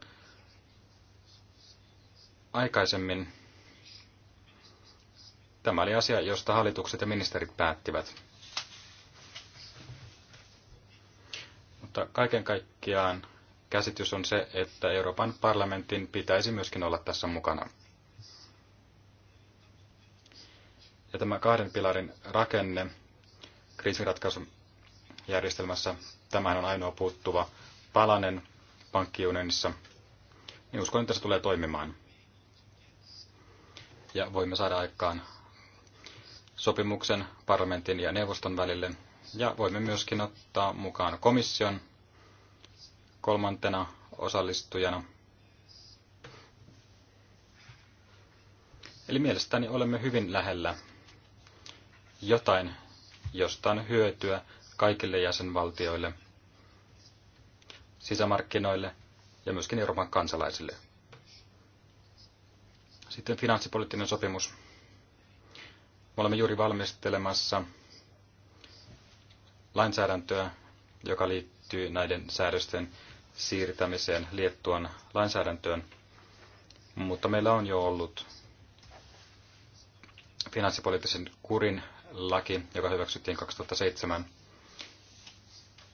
Speaker 1: aikaisemmin tämä oli asia, josta hallitukset ja ministerit päättivät. Mutta kaiken kaikkiaan käsitys on se, että Euroopan parlamentin pitäisi myöskin olla tässä mukana. Ja tämä kahden pilarin rakenne kriisinratkaisujärjestelmässä. Tämähän on ainoa puuttuva palanen pankkiunionissa. Niin uskon, että se tulee toimimaan. Ja voimme saada aikaan sopimuksen parlamentin ja neuvoston välille. Ja voimme myöskin ottaa mukaan komission kolmantena osallistujana. Eli mielestäni olemme hyvin lähellä jotain, josta on hyötyä kaikille jäsenvaltioille, sisämarkkinoille ja myöskin Euroopan kansalaisille. Sitten finanssipoliittinen sopimus. Me olemme juuri valmistelemassa lainsäädäntöä, joka liittyy näiden säädösten siirtämiseen Liettuan lainsäädäntöön, mutta meillä on jo ollut finanssipoliittisen kurin laki, joka hyväksyttiin 2007.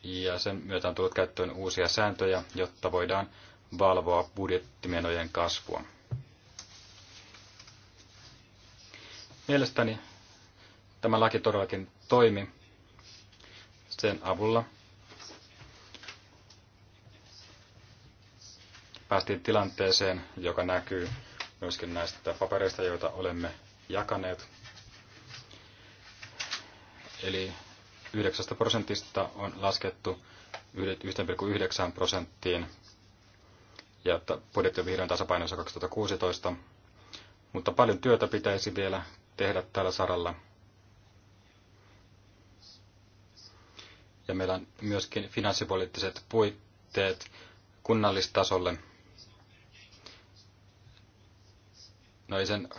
Speaker 1: Ja sen myötä on tullut käyttöön uusia sääntöjä, jotta voidaan valvoa budjettimenojen kasvua. Mielestäni tämä laki todellakin toimi sen avulla. Päästiin tilanteeseen, joka näkyy myöskin näistä papereista, joita olemme jakaneet. Eli 9 prosentista on laskettu 1,9 prosenttiin ja budjetti on vihdoin tasapainossa 2016. Mutta paljon työtä pitäisi vielä tehdä tällä saralla. Ja meillä on myöskin finanssipoliittiset puitteet kunnallistasolle. No ei sen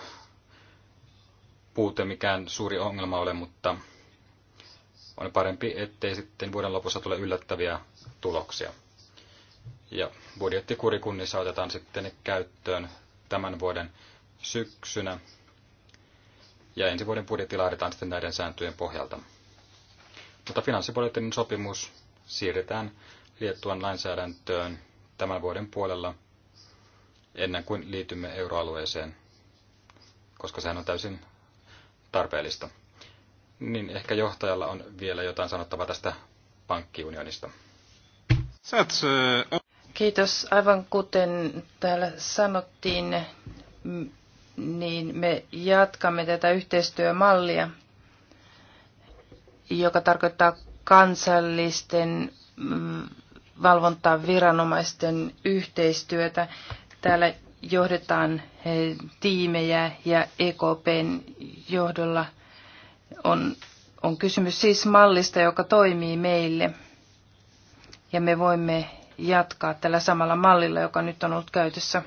Speaker 1: puute mikään suuri ongelma ole, mutta on parempi, ettei sitten vuoden lopussa tule yllättäviä tuloksia. Ja budjettikurikunnissa otetaan sitten käyttöön tämän vuoden syksynä. Ja ensi vuoden budjetti laaditaan sitten näiden sääntöjen pohjalta. Mutta finanssipoliittinen sopimus siirretään Liettuan lainsäädäntöön tämän vuoden puolella ennen kuin liitymme euroalueeseen, koska sehän on täysin tarpeellista. Niin ehkä johtajalla on vielä jotain sanottavaa tästä pankkiunionista.
Speaker 3: Kiitos. Aivan kuten täällä sanottiin, niin me jatkamme tätä yhteistyömallia, joka tarkoittaa kansallisten mm, valvontaa viranomaisten yhteistyötä. Täällä johdetaan tiimejä ja EKPn johdolla – on, on kysymys siis mallista, joka toimii meille. Ja me voimme jatkaa tällä samalla mallilla, joka nyt on ollut käytössä.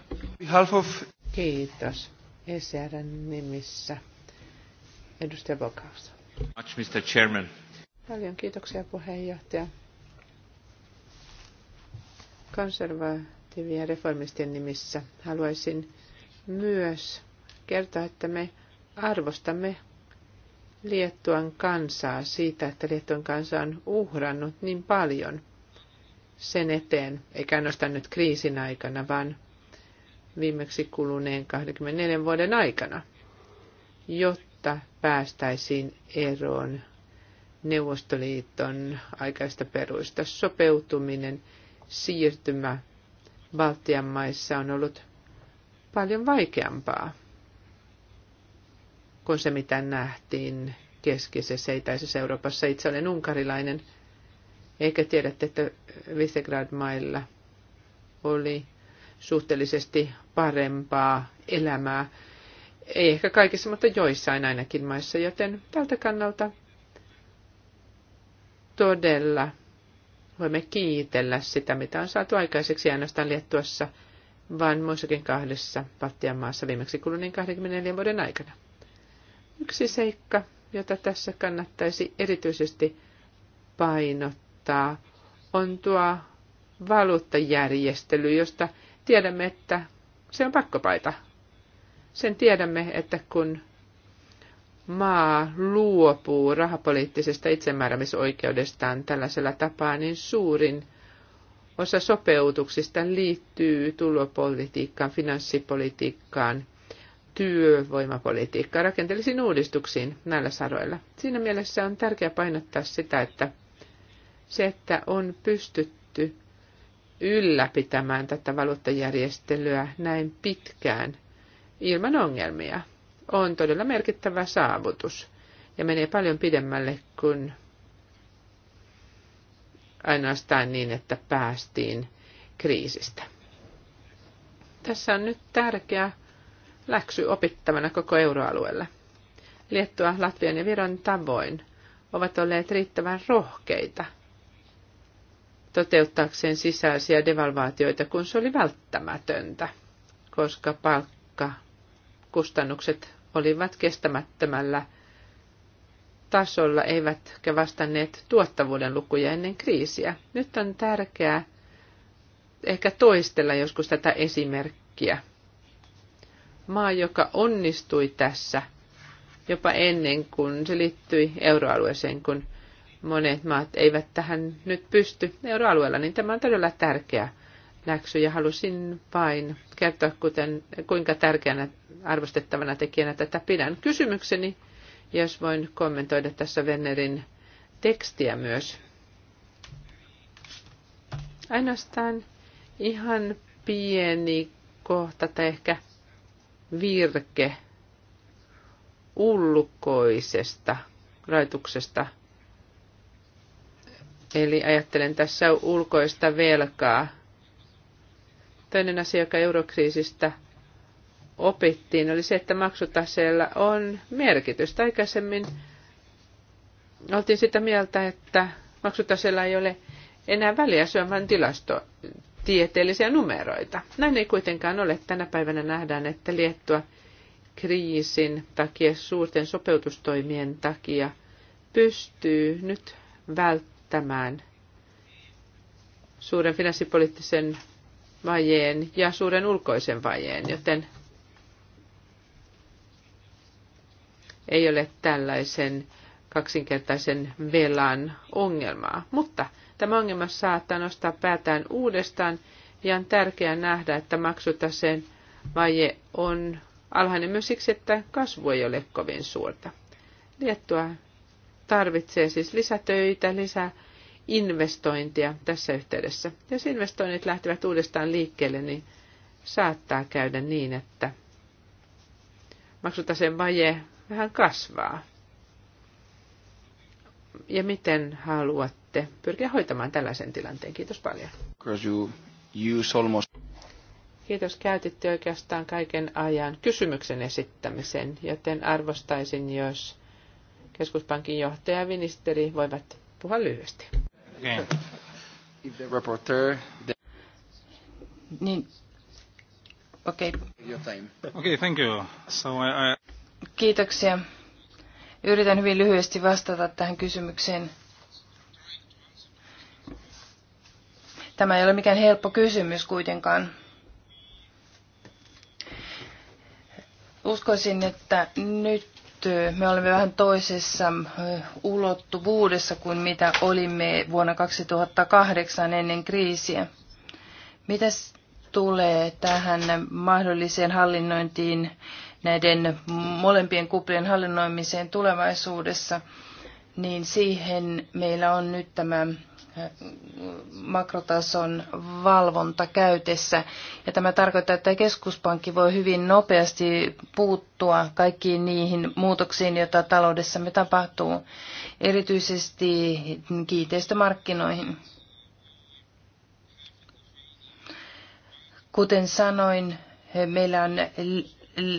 Speaker 3: Kiitos. ECRn nimissä. Edustaja Bokaus.
Speaker 1: Much, Mr. Chairman.
Speaker 2: Paljon kiitoksia puheenjohtaja. Konservatiivien reformistien nimissä haluaisin myös kertoa, että me arvostamme Liettuan kansaa siitä, että Liettuan kansa on uhrannut niin paljon sen eteen, eikä ainoastaan nyt kriisin aikana, vaan viimeksi kuluneen 24 vuoden aikana, jotta päästäisiin eroon Neuvostoliiton aikaista peruista. Sopeutuminen, siirtymä Baltian maissa on ollut paljon vaikeampaa kuin se, mitä nähtiin keskisessä itäisessä Euroopassa. Itse olen unkarilainen, eikä tiedätte, että Visegrad-mailla oli suhteellisesti parempaa elämää. Ei ehkä kaikissa, mutta joissain ainakin maissa, joten tältä kannalta todella voimme kiitellä sitä, mitä on saatu aikaiseksi ainoastaan Liettuassa, vaan muissakin kahdessa Baltian maassa viimeksi kuluneen 24 vuoden aikana. Yksi seikka, jota tässä kannattaisi erityisesti painottaa, on tuo valuuttajärjestely, josta tiedämme, että se on pakkopaita. Sen tiedämme, että kun maa luopuu rahapoliittisesta itsemääräämisoikeudestaan tällaisella tapaa, niin suurin osa sopeutuksista liittyy tulopolitiikkaan, finanssipolitiikkaan – työvoimapolitiikkaa rakenteellisiin uudistuksiin näillä saroilla. Siinä mielessä on tärkeää painottaa sitä, että se, että on pystytty ylläpitämään tätä valuuttajärjestelyä näin pitkään ilman ongelmia, on todella merkittävä saavutus ja menee paljon pidemmälle kuin ainoastaan niin, että päästiin kriisistä. Tässä on nyt tärkeää läksy opittavana koko Euroalueelle Liettua, Latvian ja Viron tavoin ovat olleet riittävän rohkeita toteuttaakseen sisäisiä devalvaatioita, kun se oli välttämätöntä, koska palkkakustannukset olivat kestämättömällä tasolla, eivätkä vastanneet tuottavuuden lukuja ennen kriisiä. Nyt on tärkeää ehkä toistella joskus tätä esimerkkiä maa, joka onnistui tässä jopa ennen kuin se liittyi euroalueeseen, kun monet maat eivät tähän nyt pysty euroalueella, niin tämä on todella tärkeä läksy ja halusin vain kertoa, kuten, kuinka tärkeänä arvostettavana tekijänä tätä pidän. Kysymykseni, jos voin kommentoida tässä Vennerin tekstiä myös. Ainoastaan ihan pieni kohta tai ehkä virke ulkoisesta rajoituksesta. Eli ajattelen tässä ulkoista velkaa. Toinen asia, joka eurokriisistä opittiin, oli se, että maksutaseella on merkitystä. Aikaisemmin oltiin sitä mieltä, että maksutaseella ei ole enää väliä, se on vain tilasto, tieteellisiä numeroita. Näin ei kuitenkaan ole. Tänä päivänä nähdään, että Liettua kriisin takia, suurten sopeutustoimien takia pystyy nyt välttämään suuren finanssipoliittisen vajeen ja suuren ulkoisen vajeen, joten ei ole tällaisen kaksinkertaisen velan ongelmaa. Mutta Tämä ongelma saattaa nostaa päätään uudestaan ja on tärkeää nähdä, että maksutaseen vaje on alhainen myös siksi, että kasvu ei ole kovin suurta. Liettua tarvitsee siis lisätöitä, lisää investointia tässä yhteydessä. Jos investoinnit lähtevät uudestaan liikkeelle, niin saattaa käydä niin, että maksutaseen vaje vähän kasvaa. Ja miten haluat voitte pyrkiä hoitamaan tällaisen tilanteen. Kiitos paljon. Kiitos, käytitte oikeastaan kaiken ajan kysymyksen esittämisen, joten arvostaisin, jos keskuspankin johtaja ja ministeri voivat puhua lyhyesti.
Speaker 1: Okay.
Speaker 3: Niin. Okei.
Speaker 1: Okay. Okay, thank you. So I, I...
Speaker 3: Kiitoksia. Yritän hyvin lyhyesti vastata tähän kysymykseen. Tämä ei ole mikään helppo kysymys kuitenkaan. Uskoisin, että nyt me olemme vähän toisessa ulottuvuudessa kuin mitä olimme vuonna 2008 ennen kriisiä. Mitäs tulee tähän mahdolliseen hallinnointiin, näiden molempien kuplien hallinnoimiseen tulevaisuudessa, niin siihen meillä on nyt tämä makrotason valvonta käytessä Ja tämä tarkoittaa, että keskuspankki voi hyvin nopeasti puuttua kaikkiin niihin muutoksiin, joita taloudessamme tapahtuu, erityisesti kiinteistömarkkinoihin. Kuten sanoin, meillä on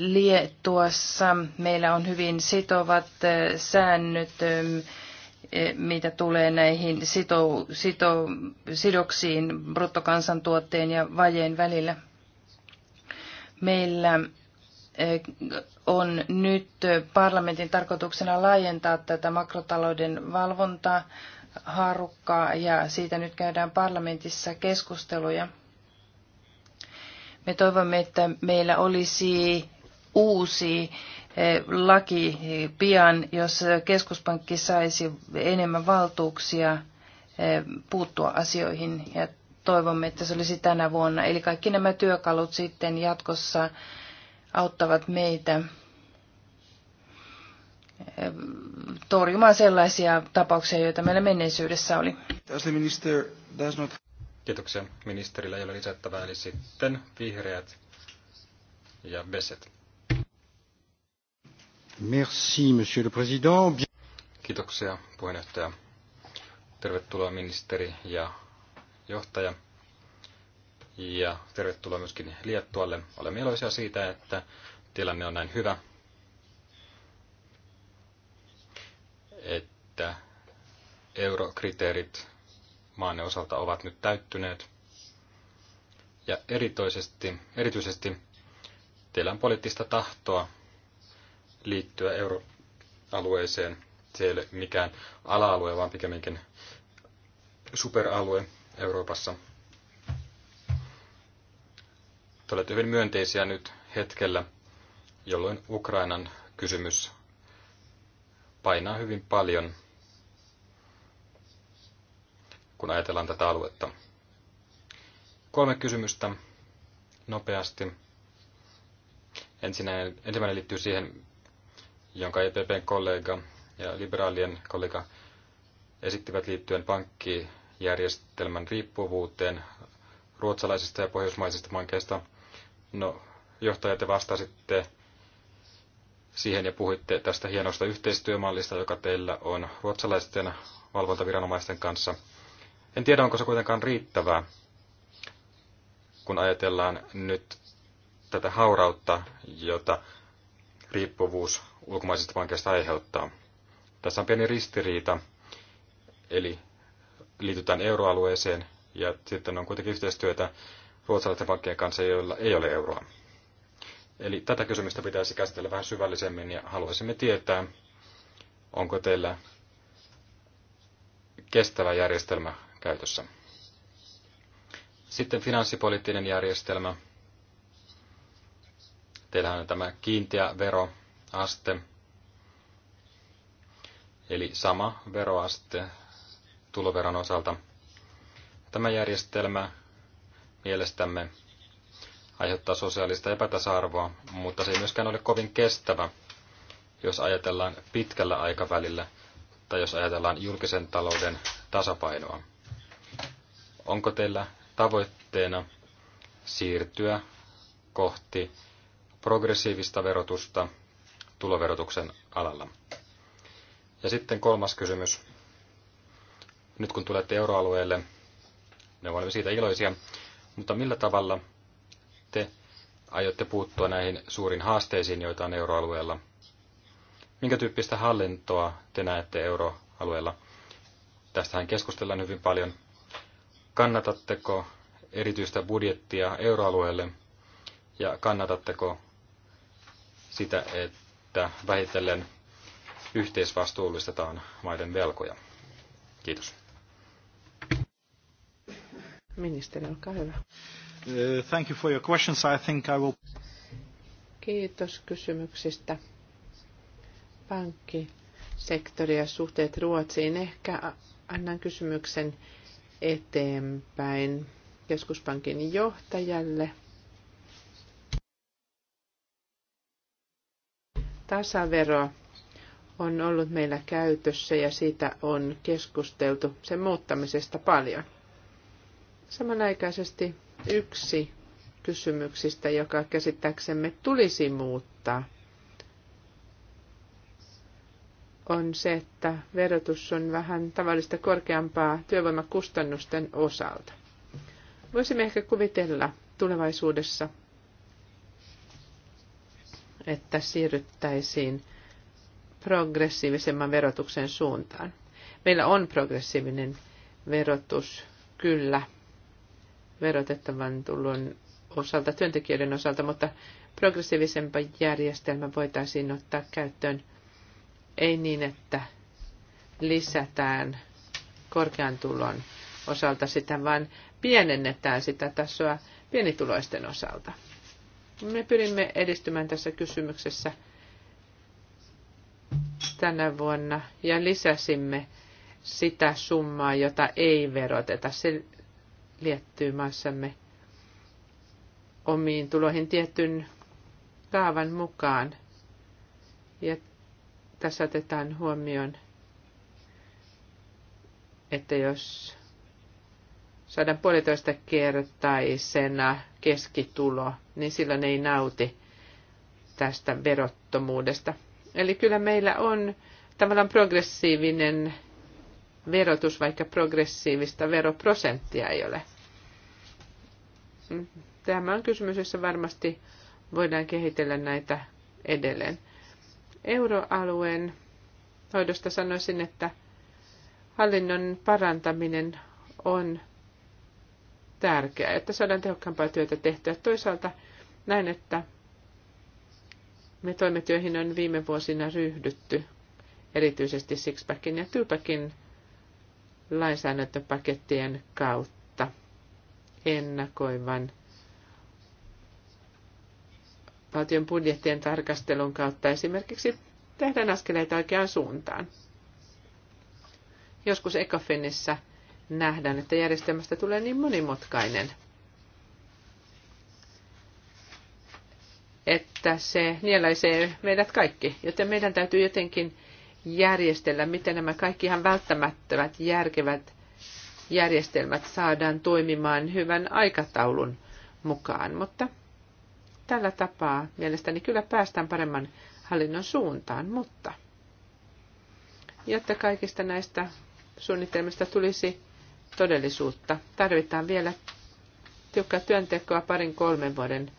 Speaker 3: Liettuassa, meillä on hyvin sitovat säännöt mitä tulee näihin sito, sito, sidoksiin bruttokansantuotteen ja vajeen välillä. Meillä eh, on nyt parlamentin tarkoituksena laajentaa tätä makrotalouden valvontaa haarukkaa ja siitä nyt käydään parlamentissa keskusteluja. Me toivomme, että meillä olisi uusi Eh, laki pian, jos keskuspankki saisi enemmän valtuuksia eh, puuttua asioihin ja toivomme, että se olisi tänä vuonna. Eli kaikki nämä työkalut sitten jatkossa auttavat meitä eh, torjumaan sellaisia tapauksia, joita meillä menneisyydessä oli.
Speaker 1: Kiitoksia. Ministerillä ei ole lisättävää, eli sitten vihreät ja Beset. Merci, monsieur le président. Kiitoksia, puheenjohtaja. Tervetuloa ministeri ja johtaja. Ja tervetuloa myöskin Liettualle. Olemme iloisia siitä, että tilanne on näin hyvä. Että eurokriteerit maanne osalta ovat nyt täyttyneet. Ja erityisesti, erityisesti teillä on poliittista tahtoa liittyä euroalueeseen. Se ei ole mikään ala-alue, vaan pikemminkin superalue Euroopassa. Te olette hyvin myönteisiä nyt hetkellä, jolloin Ukrainan kysymys painaa hyvin paljon, kun ajatellaan tätä aluetta. Kolme kysymystä nopeasti. Ensinnäinen, ensimmäinen liittyy siihen, jonka EPPn kollega ja liberaalien kollega esittivät liittyen pankkijärjestelmän riippuvuuteen ruotsalaisista ja pohjoismaisista pankeista. No, johtaja, te vastasitte siihen ja puhuitte tästä hienosta yhteistyömallista, joka teillä on ruotsalaisten valvontaviranomaisten kanssa. En tiedä, onko se kuitenkaan riittävää, kun ajatellaan nyt tätä haurautta, jota riippuvuus ulkomaisista pankeista aiheuttaa. Tässä on pieni ristiriita, eli liitytään euroalueeseen ja sitten on kuitenkin yhteistyötä ruotsalaisten pankkien kanssa, joilla ei ole euroa. Eli tätä kysymystä pitäisi käsitellä vähän syvällisemmin ja haluaisimme tietää, onko teillä kestävä järjestelmä käytössä. Sitten finanssipoliittinen järjestelmä – Teillähän on tämä kiinteä veroaste, eli sama veroaste tuloveron osalta. Tämä järjestelmä mielestämme aiheuttaa sosiaalista epätasa-arvoa, mutta se ei myöskään ole kovin kestävä, jos ajatellaan pitkällä aikavälillä tai jos ajatellaan julkisen talouden tasapainoa. Onko teillä tavoitteena siirtyä kohti progressiivista verotusta tuloverotuksen alalla. Ja sitten kolmas kysymys. Nyt kun tulette euroalueelle, me olemme siitä iloisia, mutta millä tavalla te aiotte puuttua näihin suurin haasteisiin, joita on euroalueella? Minkä tyyppistä hallintoa te näette euroalueella? Tästähän keskustellaan hyvin paljon. Kannatatteko erityistä budjettia euroalueelle ja kannatatteko sitä, että vähitellen yhteisvastuullistetaan maiden velkoja. Kiitos.
Speaker 2: Ministeri, olkaa hyvä.
Speaker 1: Uh, thank you for your questions. I think I will...
Speaker 2: Kiitos kysymyksistä. Pankkisektori ja suhteet Ruotsiin. Ehkä annan kysymyksen eteenpäin keskuspankin johtajalle – Tasavero on ollut meillä käytössä ja siitä on keskusteltu sen muuttamisesta paljon. Samanaikaisesti yksi kysymyksistä, joka käsittääksemme tulisi muuttaa, on se, että verotus on vähän tavallista korkeampaa työvoimakustannusten osalta. Voisimme ehkä kuvitella tulevaisuudessa että siirryttäisiin progressiivisemman verotuksen suuntaan. Meillä on progressiivinen verotus, kyllä, verotettavan tulon osalta, työntekijöiden osalta, mutta progressiivisempa järjestelmä voitaisiin ottaa käyttöön ei niin, että lisätään korkean tulon osalta sitä, vaan pienennetään sitä tasoa pienituloisten osalta. Me pyrimme edistymään tässä kysymyksessä tänä vuonna ja lisäsimme sitä summaa, jota ei veroteta. Se liittyy maassamme omiin tuloihin tietyn kaavan mukaan. Ja tässä otetaan huomioon, että jos saadaan puolitoista kertaisena keskitulo, niin silloin ei nauti tästä verottomuudesta. Eli kyllä meillä on tavallaan progressiivinen verotus, vaikka progressiivista veroprosenttia ei ole. Tämä on kysymys, jossa varmasti voidaan kehitellä näitä edelleen. Euroalueen hoidosta sanoisin, että hallinnon parantaminen on tärkeää, että saadaan tehokkaampaa työtä tehtyä. Toisaalta näin, että me toimet, joihin on viime vuosina ryhdytty, erityisesti Sixpackin ja Tupakin lainsäädäntöpakettien kautta ennakoivan valtion budjettien tarkastelun kautta esimerkiksi tehdään askeleita oikeaan suuntaan. Joskus Ecofinissä – nähdään, että järjestelmästä tulee niin monimutkainen, että se nieläisee meidät kaikki. Joten meidän täytyy jotenkin järjestellä, miten nämä kaikki ihan välttämättömät, järkevät järjestelmät saadaan toimimaan hyvän aikataulun mukaan. Mutta tällä tapaa mielestäni kyllä päästään paremman hallinnon suuntaan, mutta jotta kaikista näistä suunnitelmista tulisi todellisuutta. Tarvitaan vielä tiukka työntekoa parin kolmen vuoden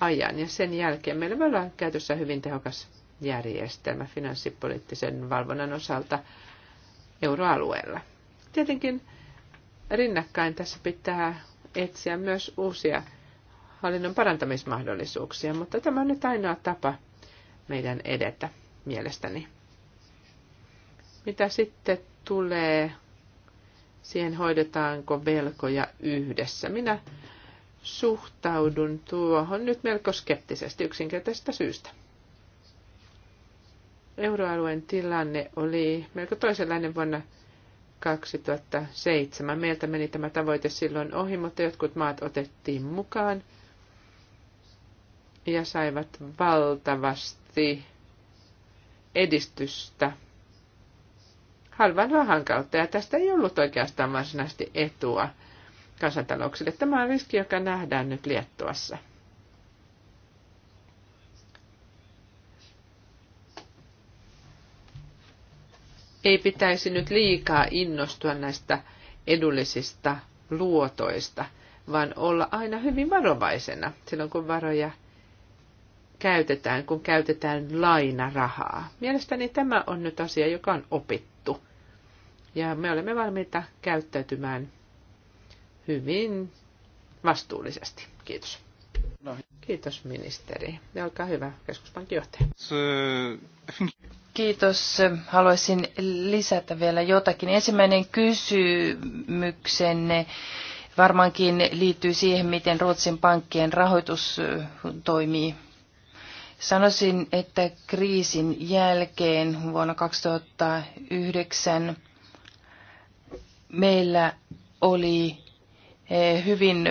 Speaker 2: ajan ja sen jälkeen meillä voi olla käytössä hyvin tehokas järjestelmä finanssipoliittisen valvonnan osalta euroalueella. Tietenkin rinnakkain tässä pitää etsiä myös uusia hallinnon parantamismahdollisuuksia, mutta tämä on nyt ainoa tapa meidän edetä mielestäni. Mitä sitten tulee siihen hoidetaanko velkoja yhdessä. Minä suhtaudun tuohon nyt melko skeptisesti yksinkertaisesta syystä. Euroalueen tilanne oli melko toisenlainen vuonna 2007. Meiltä meni tämä tavoite silloin ohi, mutta jotkut maat otettiin mukaan ja saivat valtavasti edistystä halvan rahan kautta, ja tästä ei ollut oikeastaan varsinaisesti etua kansantalouksille. Tämä on riski, joka nähdään nyt Liettuassa. Ei pitäisi nyt liikaa innostua näistä edullisista luotoista, vaan olla aina hyvin varovaisena silloin, kun varoja käytetään, kun käytetään lainarahaa. Mielestäni tämä on nyt asia, joka on opittu ja me olemme valmiita käyttäytymään hyvin vastuullisesti. Kiitos. No. Kiitos ministeri. Ja olkaa hyvä, keskuspankin johtaja.
Speaker 3: Kiitos. Haluaisin lisätä vielä jotakin. Ensimmäinen kysymyksenne varmaankin liittyy siihen, miten Ruotsin pankkien rahoitus äh, toimii. Sanoisin, että kriisin jälkeen vuonna 2009 meillä oli eh, hyvin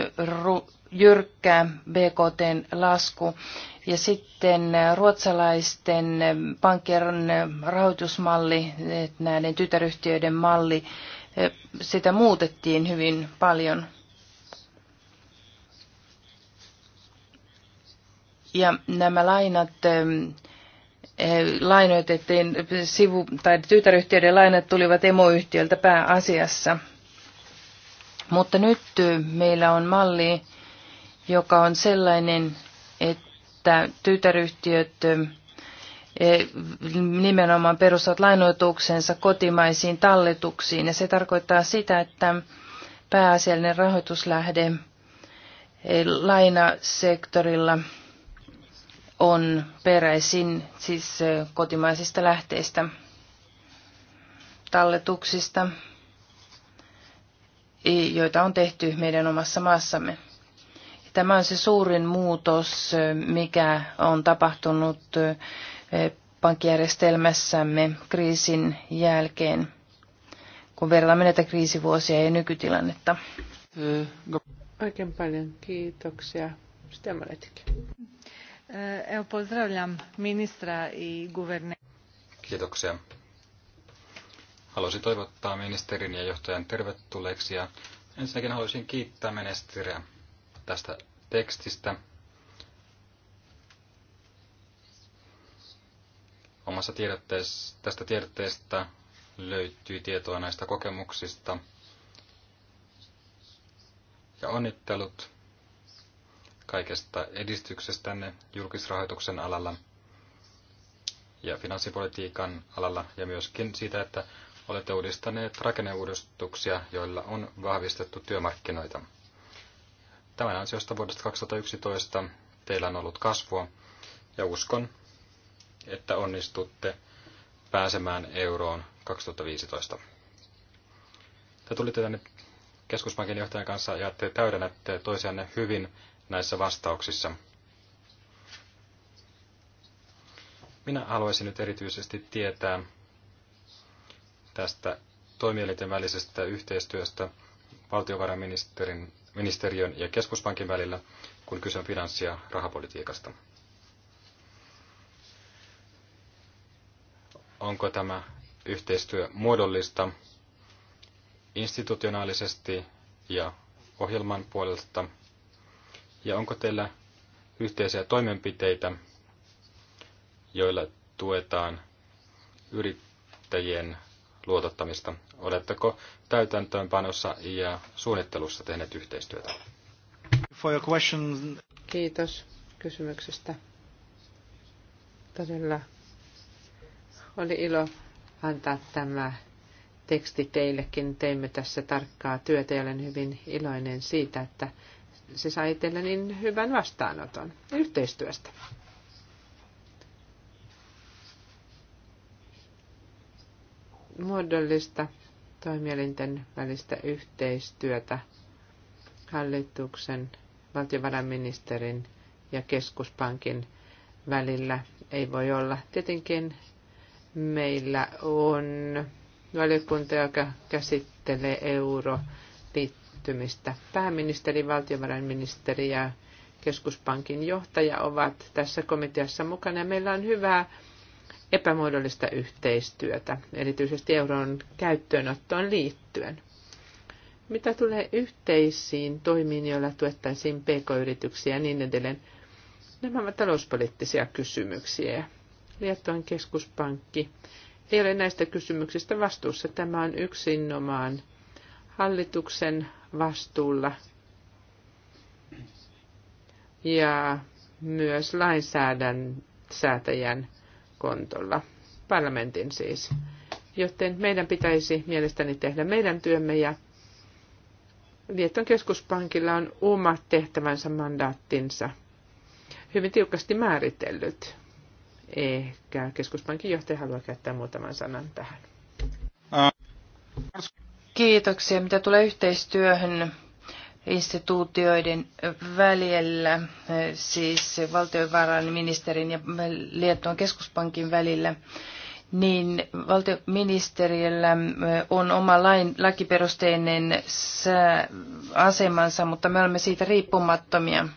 Speaker 3: jyrkkä BKTn lasku. Ja sitten ruotsalaisten pankkien rahoitusmalli, eh, näiden tytäryhtiöiden malli, eh, sitä muutettiin hyvin paljon. Ja nämä lainat lainoitettiin sivu- tai tytäryhtiöiden lainat tulivat emoyhtiöltä pääasiassa. Mutta nyt meillä on malli, joka on sellainen, että tytäryhtiöt e, nimenomaan perustavat lainoituksensa kotimaisiin talletuksiin. Ja se tarkoittaa sitä, että pääasiallinen rahoituslähde e, lainasektorilla – on peräisin siis kotimaisista lähteistä, talletuksista, joita on tehty meidän omassa maassamme. Tämä on se suurin muutos, mikä on tapahtunut pankkijärjestelmässämme kriisin jälkeen, kun verrataan näitä kriisivuosia ja nykytilannetta.
Speaker 2: Oikein paljon kiitoksia. Sitä Eh, evo, pozdravljam ministra i guvernera.
Speaker 1: Kiitoksia. Haluaisin toivottaa ministerin ja johtajan tervetulleeksi ja ensinnäkin haluaisin kiittää ministeriä tästä tekstistä. Omassa tästä tiedotteesta löytyy tietoa näistä kokemuksista ja onnittelut kaikesta edistyksestänne julkisrahoituksen alalla ja finanssipolitiikan alalla ja myöskin siitä, että olette uudistaneet rakenneuudistuksia, joilla on vahvistettu työmarkkinoita. Tämän ansiosta vuodesta 2011 teillä on ollut kasvua ja uskon, että onnistutte pääsemään euroon 2015. Te tulitte tänne keskuspankin johtajan kanssa ja te täydennätte toisianne hyvin näissä vastauksissa. Minä haluaisin nyt erityisesti tietää tästä toimielinten välisestä yhteistyöstä valtiovarainministerin ministeriön ja keskuspankin välillä, kun kyse on finanssi- ja rahapolitiikasta. Onko tämä yhteistyö muodollista institutionaalisesti ja ohjelman puolelta – ja onko teillä yhteisiä toimenpiteitä, joilla tuetaan yrittäjien luotottamista? Oletteko täytäntöönpanossa ja suunnittelussa tehneet yhteistyötä?
Speaker 2: Kiitos kysymyksestä. Todella oli ilo antaa tämä teksti teillekin. Teimme tässä tarkkaa työtä ja olen hyvin iloinen siitä, että se sai niin hyvän vastaanoton yhteistyöstä. Muodollista toimielinten välistä yhteistyötä hallituksen, valtiovarainministerin ja keskuspankin välillä ei voi olla. Tietenkin meillä on valiokunta, joka käsittelee euro- lähestymistä. Pääministeri, valtiovarainministeri ja keskuspankin johtaja ovat tässä komiteassa mukana. Meillä on hyvää epämuodollista yhteistyötä, erityisesti euron käyttöönottoon liittyen. Mitä tulee yhteisiin toimiin, joilla tuettaisiin pk-yrityksiä ja niin edelleen, nämä ovat talouspoliittisia kysymyksiä. Liettuan keskuspankki ei ole näistä kysymyksistä vastuussa. Tämä on yksinomaan hallituksen vastuulla ja myös lainsäätäjän kontolla, parlamentin siis. Joten meidän pitäisi mielestäni tehdä meidän työmme ja Liettuan keskuspankilla on oma tehtävänsä mandaattinsa hyvin tiukasti määritellyt. Ehkä keskuspankin johtaja haluaa käyttää muutaman sanan tähän.
Speaker 3: Kiitoksia, mitä tulee yhteistyöhön instituutioiden välillä, siis valtiovarainministerin ja Liettuan keskuspankin välillä, niin valtioministeriöllä on oma lain, lakiperusteinen asemansa, mutta me olemme siitä riippumattomia.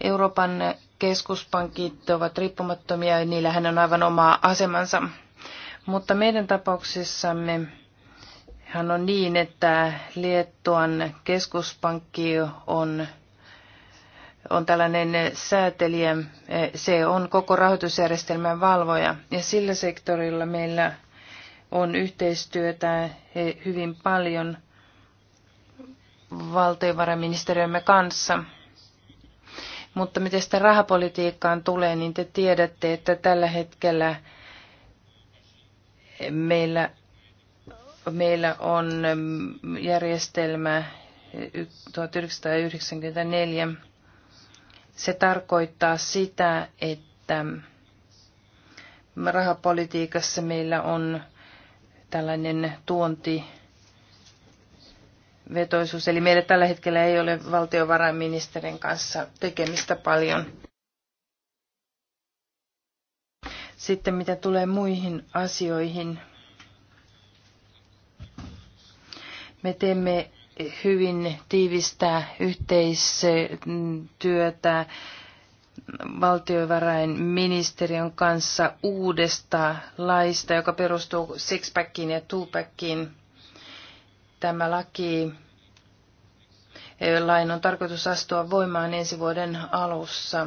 Speaker 3: Euroopan keskuspankit ovat riippumattomia ja niillähän on aivan oma asemansa. Mutta meidän tapauksessamme hän on niin, että Liettuan keskuspankki on, on tällainen säätelijä, se on koko rahoitusjärjestelmän valvoja. Ja sillä sektorilla meillä on yhteistyötä hyvin paljon valtiovarainministeriömme kanssa. Mutta miten sitä rahapolitiikkaan tulee, niin te tiedätte, että tällä hetkellä meillä Meillä on ähm, järjestelmä 1994. Se tarkoittaa sitä, että mm, rahapolitiikassa meillä on tällainen tuonti vetoisuus. Eli meillä tällä hetkellä ei ole valtiovarainministerin kanssa tekemistä paljon. Sitten mitä tulee muihin asioihin, Me teemme hyvin tiivistä yhteistyötä valtiovarainministeriön kanssa uudesta laista, joka perustuu sixpackiin ja twopackiin. Tämä laki eh, lain on tarkoitus astua voimaan ensi vuoden alussa.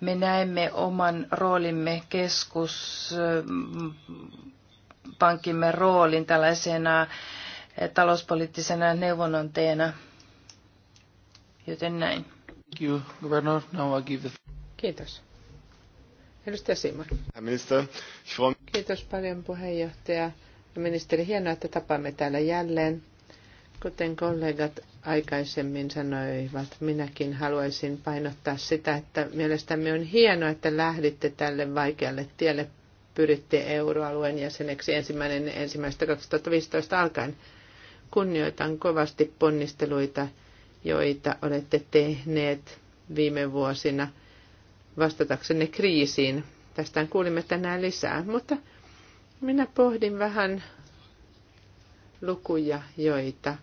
Speaker 3: Me näemme oman roolimme keskuspankkimme eh, roolin tällaisena talouspoliittisena neuvonantajana. Joten näin. Thank
Speaker 2: you, Governor. Now give the... Kiitos. Edustaja Simon. Minister, Kiitos paljon puheenjohtaja ja ministeri. Hienoa, että tapaamme täällä jälleen. Kuten kollegat aikaisemmin sanoivat, minäkin haluaisin painottaa sitä, että mielestämme on hienoa, että lähditte tälle vaikealle tielle pyritte euroalueen jäseneksi ensimmäinen ensimmäistä 2015 alkaen. Kunnioitan kovasti ponnisteluita, joita olette tehneet viime vuosina vastataksenne kriisiin. Tästä kuulimme tänään lisää, mutta minä pohdin vähän lukuja, joita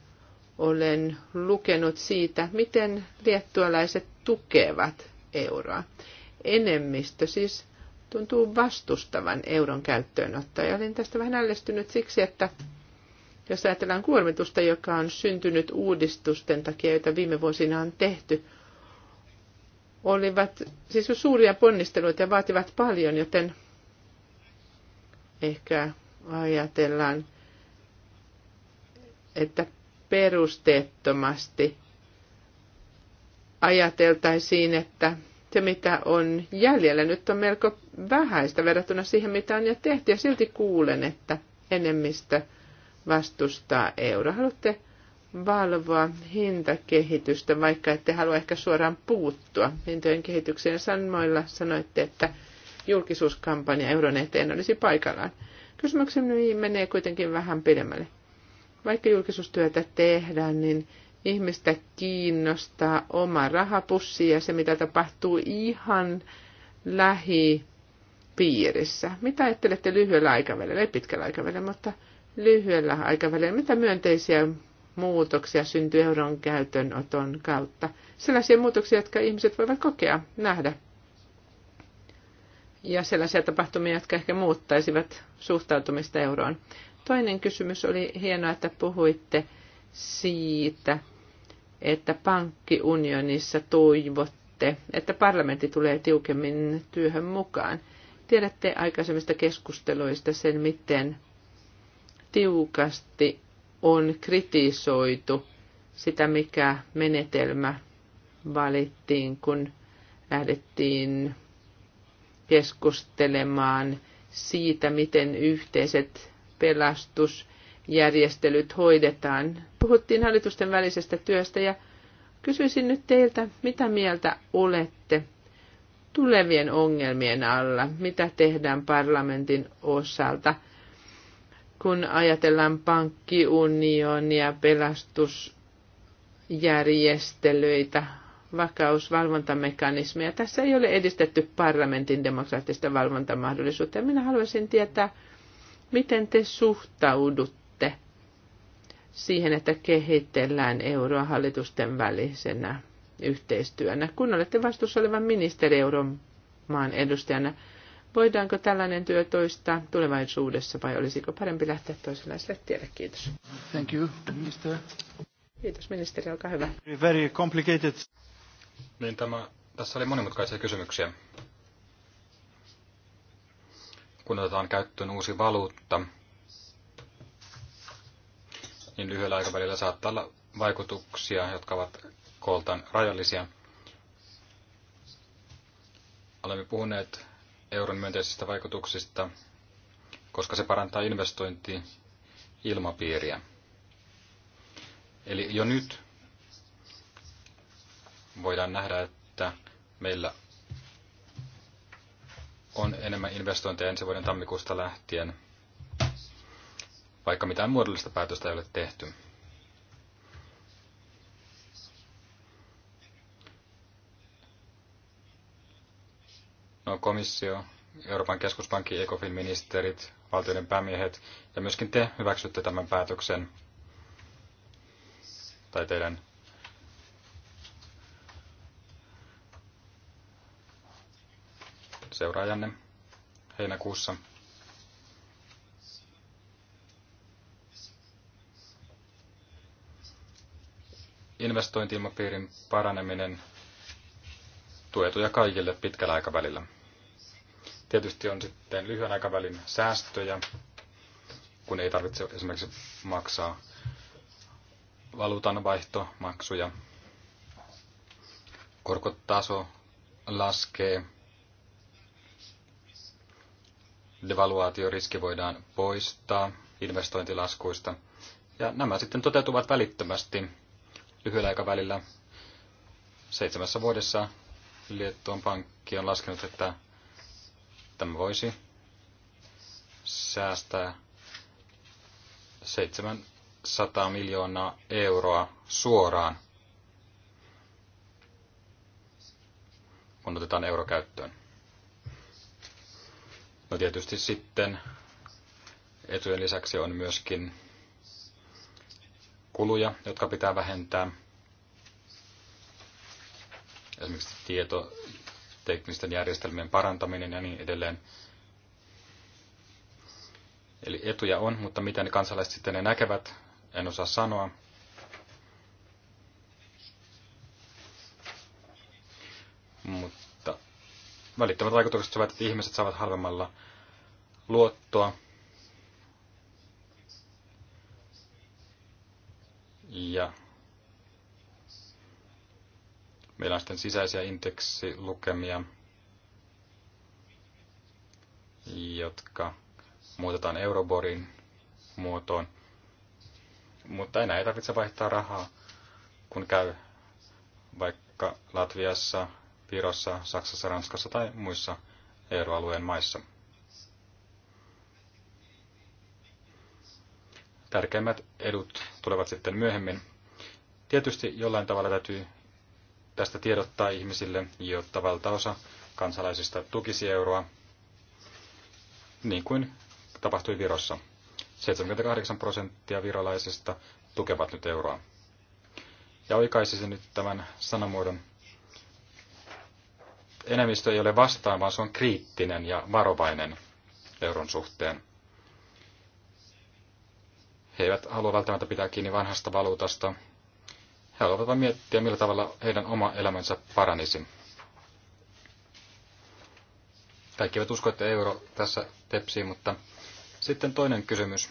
Speaker 2: olen lukenut siitä, miten liettualaiset tukevat euroa. Enemmistö siis tuntuu vastustavan euron käyttöönottoa. Ja olin tästä vähän ällistynyt siksi, että jos ajatellaan kuormitusta, joka on syntynyt uudistusten takia, joita viime vuosina on tehty, olivat siis suuria ponnisteluita ja vaativat paljon, joten ehkä ajatellaan, että perusteettomasti ajateltaisiin, että se mitä on jäljellä nyt on melko vähäistä verrattuna siihen, mitä on jo tehty. Ja silti kuulen, että enemmistö vastustaa euroa. Haluatte valvoa hintakehitystä, vaikka ette halua ehkä suoraan puuttua hintojen kehitykseen. Sanoilla sanoitte, että julkisuuskampanja euron eteen olisi paikallaan. Kysymykseni menee kuitenkin vähän pidemmälle. Vaikka julkisuustyötä tehdään, niin ihmistä kiinnostaa oma rahapussi ja se, mitä tapahtuu ihan lähipiirissä. Mitä ajattelette lyhyellä aikavälillä, ei pitkällä aikavälillä, mutta lyhyellä aikavälillä, mitä myönteisiä muutoksia syntyy euron käytönoton kautta. Sellaisia muutoksia, jotka ihmiset voivat kokea, nähdä. Ja sellaisia tapahtumia, jotka ehkä muuttaisivat suhtautumista euroon. Toinen kysymys oli hienoa, että puhuitte siitä, että pankkiunionissa toivotte, että parlamentti tulee tiukemmin työhön mukaan. Tiedätte aikaisemmista keskusteluista sen, miten tiukasti on kritisoitu sitä, mikä menetelmä valittiin, kun lähdettiin keskustelemaan siitä, miten yhteiset pelastusjärjestelyt hoidetaan. Puhuttiin hallitusten välisestä työstä ja kysyisin nyt teiltä, mitä mieltä olette tulevien ongelmien alla, mitä tehdään parlamentin osalta – kun ajatellaan pankkiunionia, pelastusjärjestelyitä, vakausvalvontamekanismeja, Tässä ei ole edistetty parlamentin demokraattista valvontamahdollisuutta. Minä haluaisin tietää, miten te suhtaudutte siihen, että kehitellään euroa hallitusten välisenä yhteistyönä, kun olette vastuussa olevan ministeri euron maan edustajana – Voidaanko tällainen työ toistaa tulevaisuudessa vai olisiko parempi lähteä toisenlaiselle tielle? Kiitos. Thank you, minister. Kiitos ministeri, olkaa
Speaker 1: hyvä. Very complicated. Niin tämä, tässä oli monimutkaisia kysymyksiä. Kun otetaan käyttöön uusi valuutta, niin lyhyellä aikavälillä saattaa olla vaikutuksia, jotka ovat kooltaan rajallisia. Olemme puhuneet euron myönteisistä vaikutuksista, koska se parantaa investointi ilmapiiriä. Eli jo nyt voidaan nähdä, että meillä on enemmän investointeja ensi vuoden tammikuusta lähtien, vaikka mitään muodollista päätöstä ei ole tehty. komissio, Euroopan keskuspankki, ECOFIN ministerit, valtioiden päämiehet ja myöskin te hyväksytte tämän päätöksen tai teidän seuraajanne heinäkuussa. Investointiilmapiirin paraneminen tuetuja kaikille pitkällä aikavälillä. Tietysti on sitten lyhyen aikavälin säästöjä, kun ei tarvitse esimerkiksi maksaa valuutanvaihtomaksuja. Korkotaso laskee. Devaluaatioriski voidaan poistaa investointilaskuista. Ja nämä sitten toteutuvat välittömästi lyhyellä aikavälillä. Seitsemässä vuodessa Liettuan pankki on laskenut, että että voisi säästää 700 miljoonaa euroa suoraan, kun otetaan euro käyttöön. No tietysti sitten etujen lisäksi on myöskin kuluja, jotka pitää vähentää. Esimerkiksi tieto, teknisten järjestelmien parantaminen ja niin edelleen. Eli etuja on, mutta miten ne kansalaiset sitten ne näkevät, en osaa sanoa. Mutta välittömät vaikutukset ovat, että ihmiset saavat halvemmalla luottoa. Ja Meillä on sitten sisäisiä indeksilukemia, jotka muutetaan Euroborin muotoon. Mutta enää ei tarvitse vaihtaa rahaa, kun käy vaikka Latviassa, Virossa, Saksassa, Ranskassa tai muissa euroalueen maissa. Tärkeimmät edut tulevat sitten myöhemmin. Tietysti jollain tavalla täytyy tästä tiedottaa ihmisille, jotta valtaosa kansalaisista tukisi euroa, niin kuin tapahtui Virossa. 78 prosenttia virolaisista tukevat nyt euroa. Ja oikaisisin nyt tämän sanamuodon. Enemmistö ei ole vastaan, vaan se on kriittinen ja varovainen euron suhteen. He eivät halua välttämättä pitää kiinni vanhasta valuutasta, he alkoivat vain miettiä, millä tavalla heidän oma elämänsä paranisi. Kaikki eivät usko, että euro tässä tepsii, mutta sitten toinen kysymys.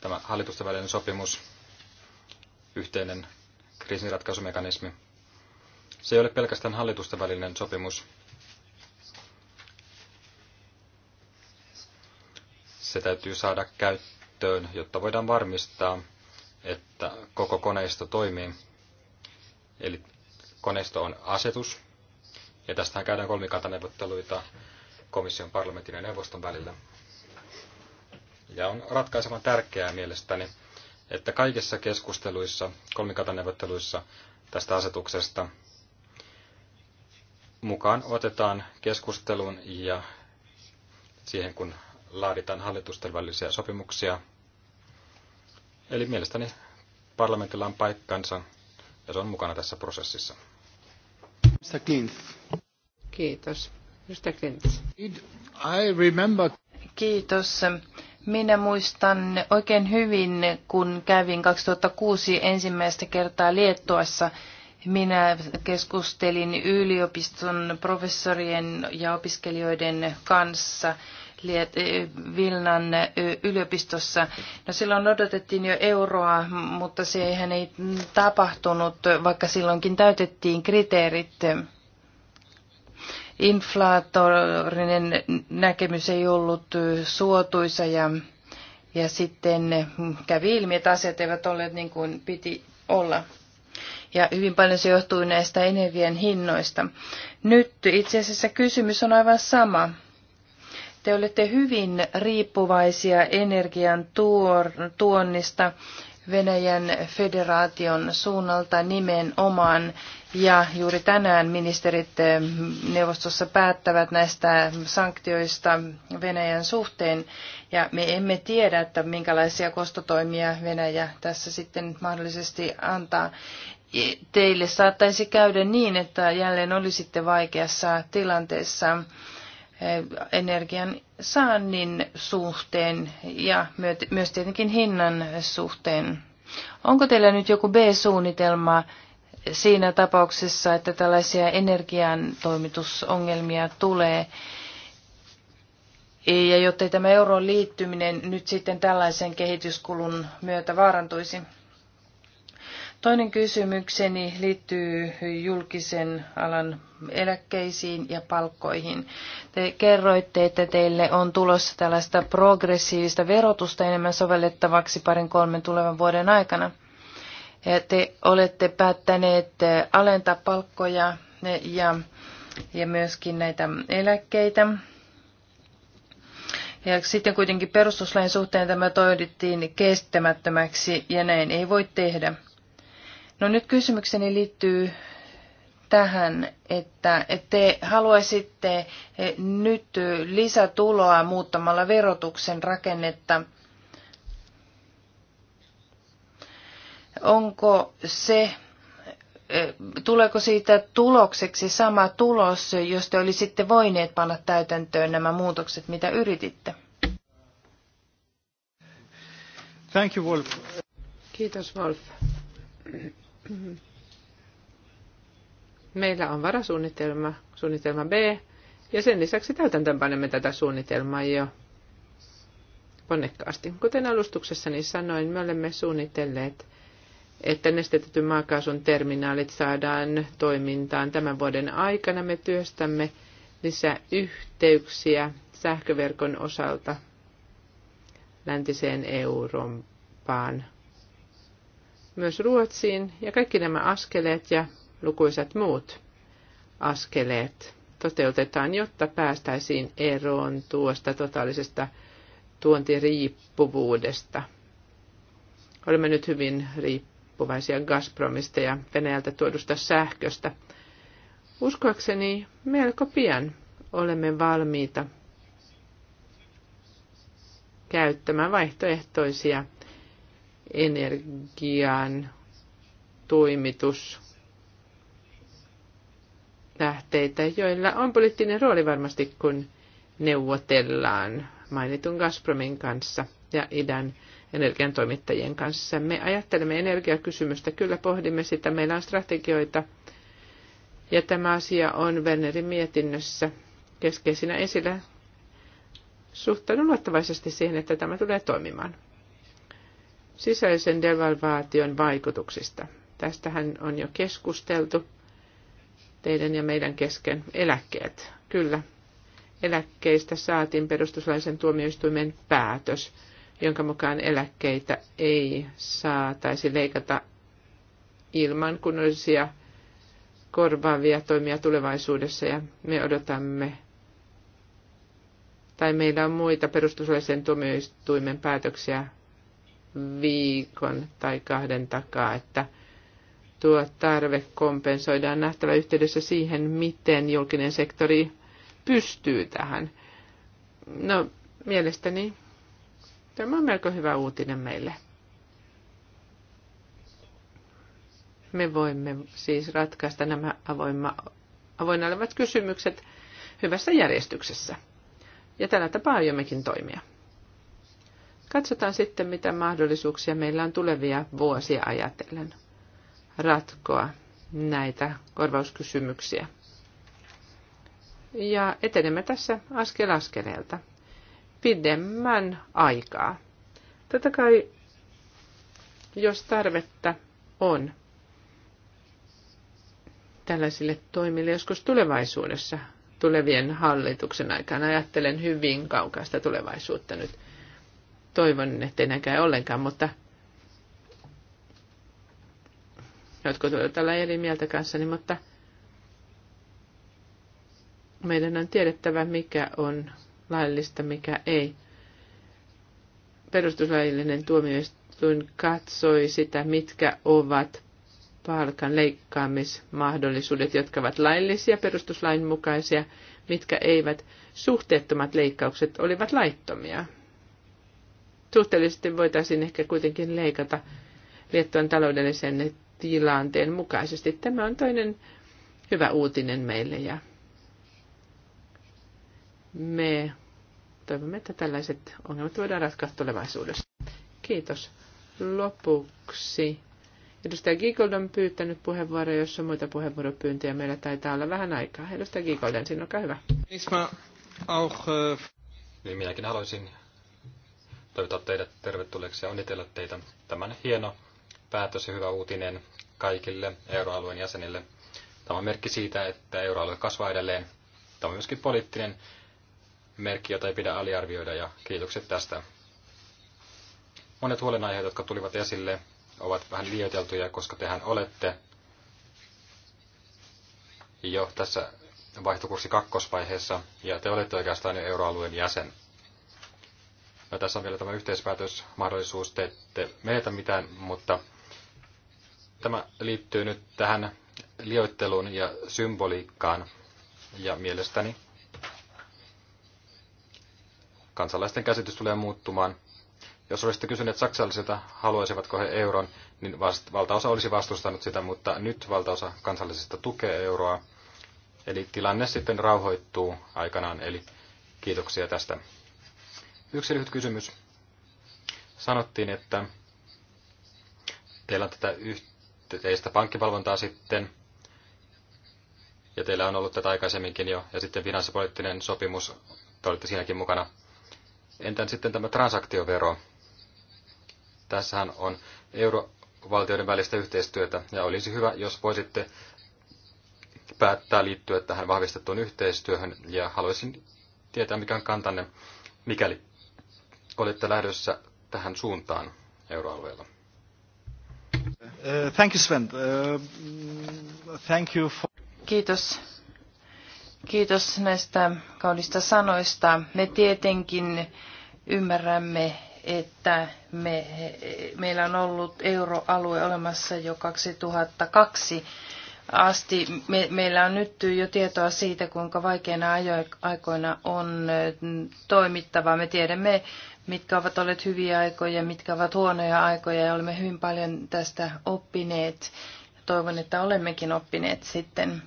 Speaker 1: Tämä hallitusten välinen sopimus, yhteinen kriisinratkaisumekanismi. Se ei ole pelkästään hallitusten välinen sopimus. Se täytyy saada käyttöön, jotta voidaan varmistaa, että koko koneisto toimii. Eli koneisto on asetus, ja tästähän käydään kolmikantaneuvotteluita komission, parlamentin ja neuvoston välillä. Ja on ratkaisevan tärkeää mielestäni, että kaikissa keskusteluissa, kolmikantaneuvotteluissa tästä asetuksesta mukaan otetaan keskustelun ja siihen, kun laaditaan hallitusten välisiä sopimuksia Eli mielestäni parlamentilla on paikkansa ja se on mukana tässä prosessissa.
Speaker 3: Kiitos. I remember... Kiitos. Minä muistan oikein hyvin, kun kävin 2006 ensimmäistä kertaa Liettuassa. Minä keskustelin yliopiston professorien ja opiskelijoiden kanssa Eh, Vilnan eh, yliopistossa. No silloin odotettiin jo euroa, mutta se ei tapahtunut, vaikka silloinkin täytettiin kriteerit. Inflaatorinen näkemys ei ollut suotuisa ja, ja sitten kävi ilmi, että asiat eivät olleet niin kuin piti olla ja hyvin paljon se johtui näistä energian hinnoista. Nyt itse asiassa kysymys on aivan sama. Te olette hyvin riippuvaisia energian tuonnista Venäjän federaation suunnalta nimenomaan. Ja juuri tänään ministerit eh, neuvostossa päättävät näistä sanktioista Venäjän suhteen. Ja me emme tiedä, että minkälaisia kostotoimia Venäjä tässä sitten mahdollisesti antaa. Teille saattaisi käydä niin, että jälleen olisitte vaikeassa tilanteessa Eh, energian saannin suhteen ja myös tietenkin hinnan suhteen. Onko teillä nyt joku B-suunnitelma siinä tapauksessa, että tällaisia energian toimitusongelmia tulee? Ja jottei tämä euroon liittyminen nyt sitten tällaisen kehityskulun myötä vaarantuisi? Toinen kysymykseni liittyy julkisen alan eläkkeisiin ja palkkoihin. Te kerroitte, että teille on tulossa tällaista progressiivista verotusta enemmän sovellettavaksi parin kolmen tulevan vuoden aikana. Te olette päättäneet alentaa palkkoja ja, ja myöskin näitä eläkkeitä. Ja sitten kuitenkin perustuslain suhteen tämä toidettiin kestämättömäksi ja näin ei voi tehdä. No nyt kysymykseni liittyy tähän, että te haluaisitte eh, nyt lisätuloa muuttamalla verotuksen rakennetta. Onko se, eh, tuleeko siitä tulokseksi sama tulos, jos te olisitte voineet panna täytäntöön nämä muutokset, mitä yrititte?
Speaker 1: Thank you, Wolf.
Speaker 2: Kiitos, Wolf. Meillä on varasuunnitelma, suunnitelma B, ja sen lisäksi täytäntöönpanemme tätä suunnitelmaa jo ponnekkaasti. Kuten alustuksessani sanoin, me olemme suunnitelleet, että nestetetyn maakaasun terminaalit saadaan toimintaan tämän vuoden aikana. Me työstämme lisää yhteyksiä sähköverkon osalta läntiseen Euroopan myös Ruotsiin ja kaikki nämä askeleet ja lukuisat muut askeleet toteutetaan, jotta päästäisiin eroon tuosta totaalisesta tuontiriippuvuudesta. Olemme nyt hyvin riippuvaisia Gazpromista ja Venäjältä tuodusta sähköstä. Uskoakseni melko pian olemme valmiita käyttämään vaihtoehtoisia energian toimitus lähteitä, joilla on poliittinen rooli varmasti, kun neuvotellaan mainitun Gazpromin kanssa ja idän energiantoimittajien kanssa. Me ajattelemme energiakysymystä, kyllä pohdimme sitä, meillä on strategioita ja tämä asia on Wernerin mietinnössä keskeisinä esillä. Suhtaudun luottavaisesti siihen, että tämä tulee toimimaan sisäisen devalvaation vaikutuksista. Tästähän on jo keskusteltu teidän ja meidän kesken eläkkeet. Kyllä, eläkkeistä saatiin perustuslaisen tuomioistuimen päätös, jonka mukaan eläkkeitä ei saataisi leikata ilman kunnollisia korvaavia toimia tulevaisuudessa ja me odotamme tai meillä on muita perustuslaisen tuomioistuimen päätöksiä viikon tai kahden takaa, että tuo tarve kompensoidaan nähtävä yhteydessä siihen, miten julkinen sektori pystyy tähän. No, mielestäni tämä on melko hyvä uutinen meille. Me voimme siis ratkaista nämä avoimma, avoinna olevat kysymykset hyvässä järjestyksessä. Ja tällä tapaa aiommekin toimia. Katsotaan sitten, mitä mahdollisuuksia meillä on tulevia vuosia ajatellen ratkoa näitä korvauskysymyksiä. Ja etenemme tässä askel askeleelta pidemmän aikaa. Tätä kai, jos tarvetta on tällaisille toimille joskus tulevaisuudessa, tulevien hallituksen aikana, ajattelen hyvin kaukaista tulevaisuutta nyt – Toivon, ettei näkään ollenkaan, mutta jotkut ovat tällä eri mieltä kanssani, mutta meidän on tiedettävä, mikä on laillista, mikä ei. Perustuslaillinen tuomioistuin katsoi sitä, mitkä ovat palkan leikkaamismahdollisuudet, jotka ovat laillisia, perustuslain mukaisia, mitkä eivät. Suhteettomat leikkaukset olivat laittomia suhteellisesti voitaisiin ehkä kuitenkin leikata Liettuan taloudellisen tilanteen mukaisesti. Tämä on toinen hyvä uutinen meille ja me toivomme, että tällaiset ongelmat voidaan ratkaista tulevaisuudessa. Kiitos. Lopuksi edustaja Giegold on pyytänyt puheenvuoroa, jos on muita puheenvuoropyyntöjä. Meillä taitaa olla vähän aikaa. Edustaja Giegold, ensin olkaa hyvä.
Speaker 1: Isma, eh, niin minäkin haluaisin toivottaa teidät tervetulleeksi ja onnitella teitä. Tämän hieno päätös ja hyvä uutinen kaikille euroalueen jäsenille. Tämä on merkki siitä, että euroalue kasvaa edelleen. Tämä on myöskin poliittinen merkki, jota ei pidä aliarvioida ja kiitokset tästä. Monet huolenaiheet, jotka tulivat esille, ovat vähän liioiteltuja, koska tehän olette jo tässä vaihtokurssi kakkosvaiheessa, ja te olette oikeastaan jo euroalueen jäsen. No, tässä on vielä tämä yhteispäätösmahdollisuus, te ette menetä mitään, mutta tämä liittyy nyt tähän liotteluun ja symboliikkaan. Ja mielestäni kansalaisten käsitys tulee muuttumaan. Jos olisitte kysyneet saksalaisilta, haluaisivatko he euron, niin vast- valtaosa olisi vastustanut sitä, mutta nyt valtaosa kansallisista tukee euroa. Eli tilanne sitten rauhoittuu aikanaan, eli kiitoksia tästä. Yksi lyhyt kysymys. Sanottiin, että teillä on tätä yhteistä pankkivalvontaa sitten, ja teillä on ollut tätä aikaisemminkin jo, ja sitten finanssipoliittinen sopimus, te olitte siinäkin mukana. Entä sitten tämä transaktiovero? Tässähän on eurovaltioiden välistä yhteistyötä, ja olisi hyvä, jos voisitte päättää liittyä tähän vahvistettuun yhteistyöhön, ja haluaisin tietää, mikä on kantanne, mikäli olette lähdössä tähän suuntaan euroalueella? Uh, thank you Sven. Uh, thank you for...
Speaker 3: Kiitos. Kiitos näistä kaunista sanoista. Me tietenkin ymmärrämme, että me, meillä on ollut euroalue olemassa jo 2002 asti. Me, meillä on nyt jo tietoa siitä, kuinka vaikeina aikoina on toimittava. Me tiedämme mitkä ovat olleet hyviä aikoja, mitkä ovat huonoja aikoja ja olemme hyvin paljon tästä oppineet. Toivon, että olemmekin oppineet sitten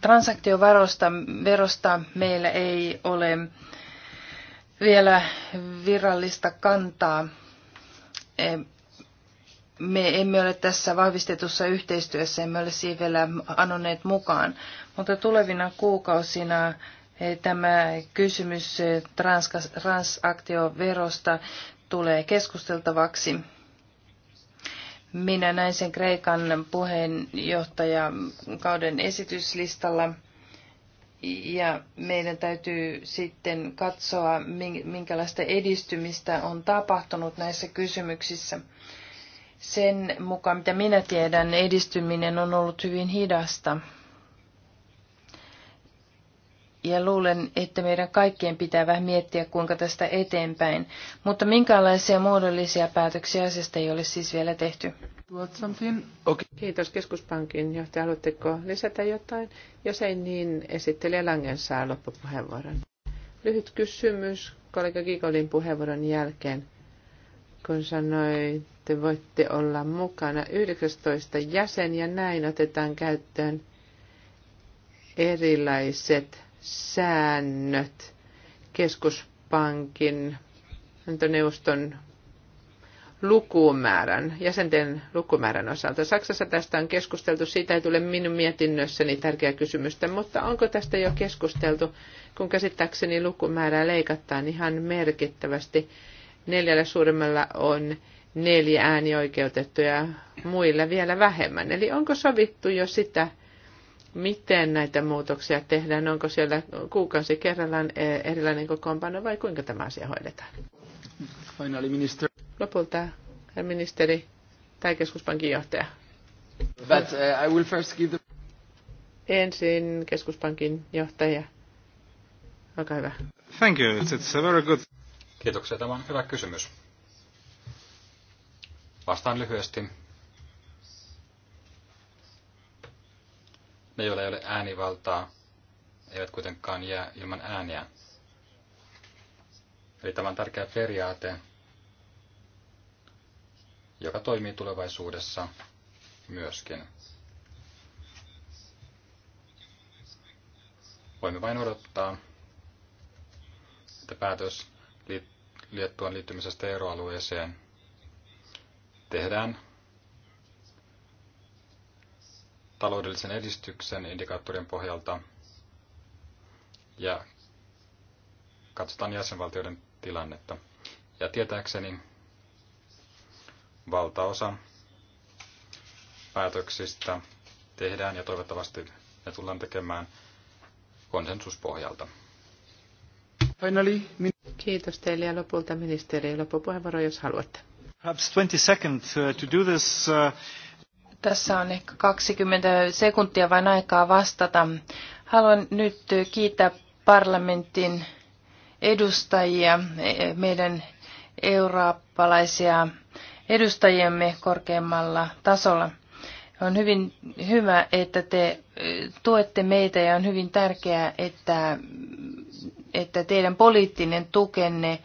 Speaker 3: Transaktiovarosta verosta meillä ei ole vielä virallista kantaa me emme ole tässä vahvistetussa yhteistyössä, emme ole siihen vielä anoneet mukaan. Mutta tulevina kuukausina eh, tämä kysymys eh, transaktioverosta tulee keskusteltavaksi. Minä näin sen Kreikan puheenjohtajakauden esityslistalla. Ja meidän täytyy sitten katsoa, minkälaista edistymistä on tapahtunut näissä kysymyksissä. Sen mukaan, mitä minä tiedän, edistyminen on ollut hyvin hidasta. Ja luulen, että meidän kaikkien pitää vähän miettiä, kuinka tästä eteenpäin. Mutta minkälaisia muodollisia päätöksiä asiasta ei ole siis vielä tehty.
Speaker 2: Okay. Kiitos keskuspankin johtaja. Haluatteko lisätä jotain? Jos ei, niin esittelijä Langen saa loppupuheenvuoron. Lyhyt kysymys kollega Gigolin puheenvuoron jälkeen, kun sanoi te voitte olla mukana 19 jäsen ja näin otetaan käyttöön erilaiset säännöt keskuspankin neuvoston lukumäärän, jäsenten lukumäärän osalta. Saksassa tästä on keskusteltu, siitä ei tule minun mietinnössäni tärkeää kysymystä, mutta onko tästä jo keskusteltu, kun käsittääkseni lukumäärää leikataan ihan merkittävästi. Neljällä suuremmalla on neljä äänioikeutettuja muilla vielä vähemmän. Eli onko sovittu jo sitä, miten näitä muutoksia tehdään? Onko siellä kuukausi kerrallaan e, erilainen kokoonpano vai kuinka tämä asia hoidetaan?
Speaker 1: Finally, minister.
Speaker 2: Lopulta herra ministeri tai keskuspankin johtaja. But, uh, I will first give the... Ensin keskuspankin johtaja. Olkaa hyvä.
Speaker 1: Thank you. It's a very good... Kiitoksia. Tämä on hyvä kysymys. Vastaan lyhyesti. Ne, joilla ei ole äänivaltaa, eivät kuitenkaan jää ilman ääniä. Eli tämä on tärkeä periaate, joka toimii tulevaisuudessa myöskin. Voimme vain odottaa, että päätös Liettuan liittymisestä euroalueeseen tehdään taloudellisen edistyksen indikaattorien pohjalta ja katsotaan jäsenvaltioiden tilannetta. Ja tietääkseni valtaosa päätöksistä tehdään ja toivottavasti ne tullaan tekemään konsensuspohjalta.
Speaker 2: Kiitos teille ja lopulta ministeri loppupuheenvuoro, jos haluatte.
Speaker 1: Uh, uh,
Speaker 3: Tässä on ehkä 20 sekuntia vain aikaa vastata. Haluan nyt kiittää parlamentin edustajia, e, meidän eurooppalaisia edustajiamme korkeammalla tasolla. On hyvin hyvä, että te e, tuette meitä ja on hyvin tärkeää, että, että teidän poliittinen tukenne